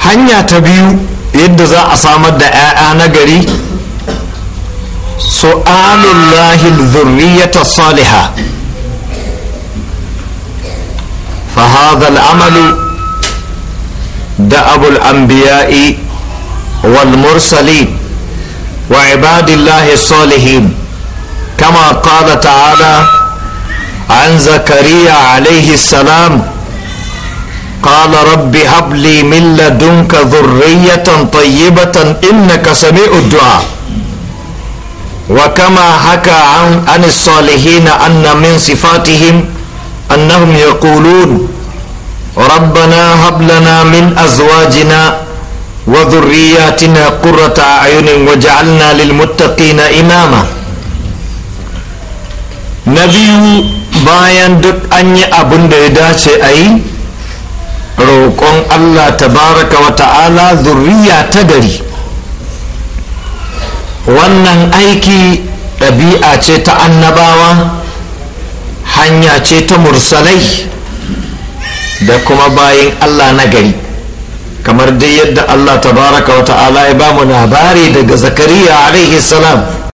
hanya ta biyu yadda za a samar da 'ya'ya na gari su'alullahi zurriyata saliha fa دأب الأنبياء والمرسلين وعباد الله الصالحين كما قال تعالى عن زكريا عليه السلام قال رب هب لي من لدنك ذرية طيبة إنك سميع الدعاء وكما حكى عن, عن الصالحين أن من صفاتهم أنهم يقولون ربنا هب لنا من أزواجنا وذرياتنا قرة أعين وجعلنا للمتقين إماما نبي باين duk an yi abin أي roƙon allah tabaraka wa ta'ala zurriya ta gari wannan aiki ɗabi'a ce ta annabawa hanya ce ta mursalai da kuma bayan allah na gari kamar dai yadda allah tabaraka wa ta'ala ya ba mu labari daga zakariya alaihi salam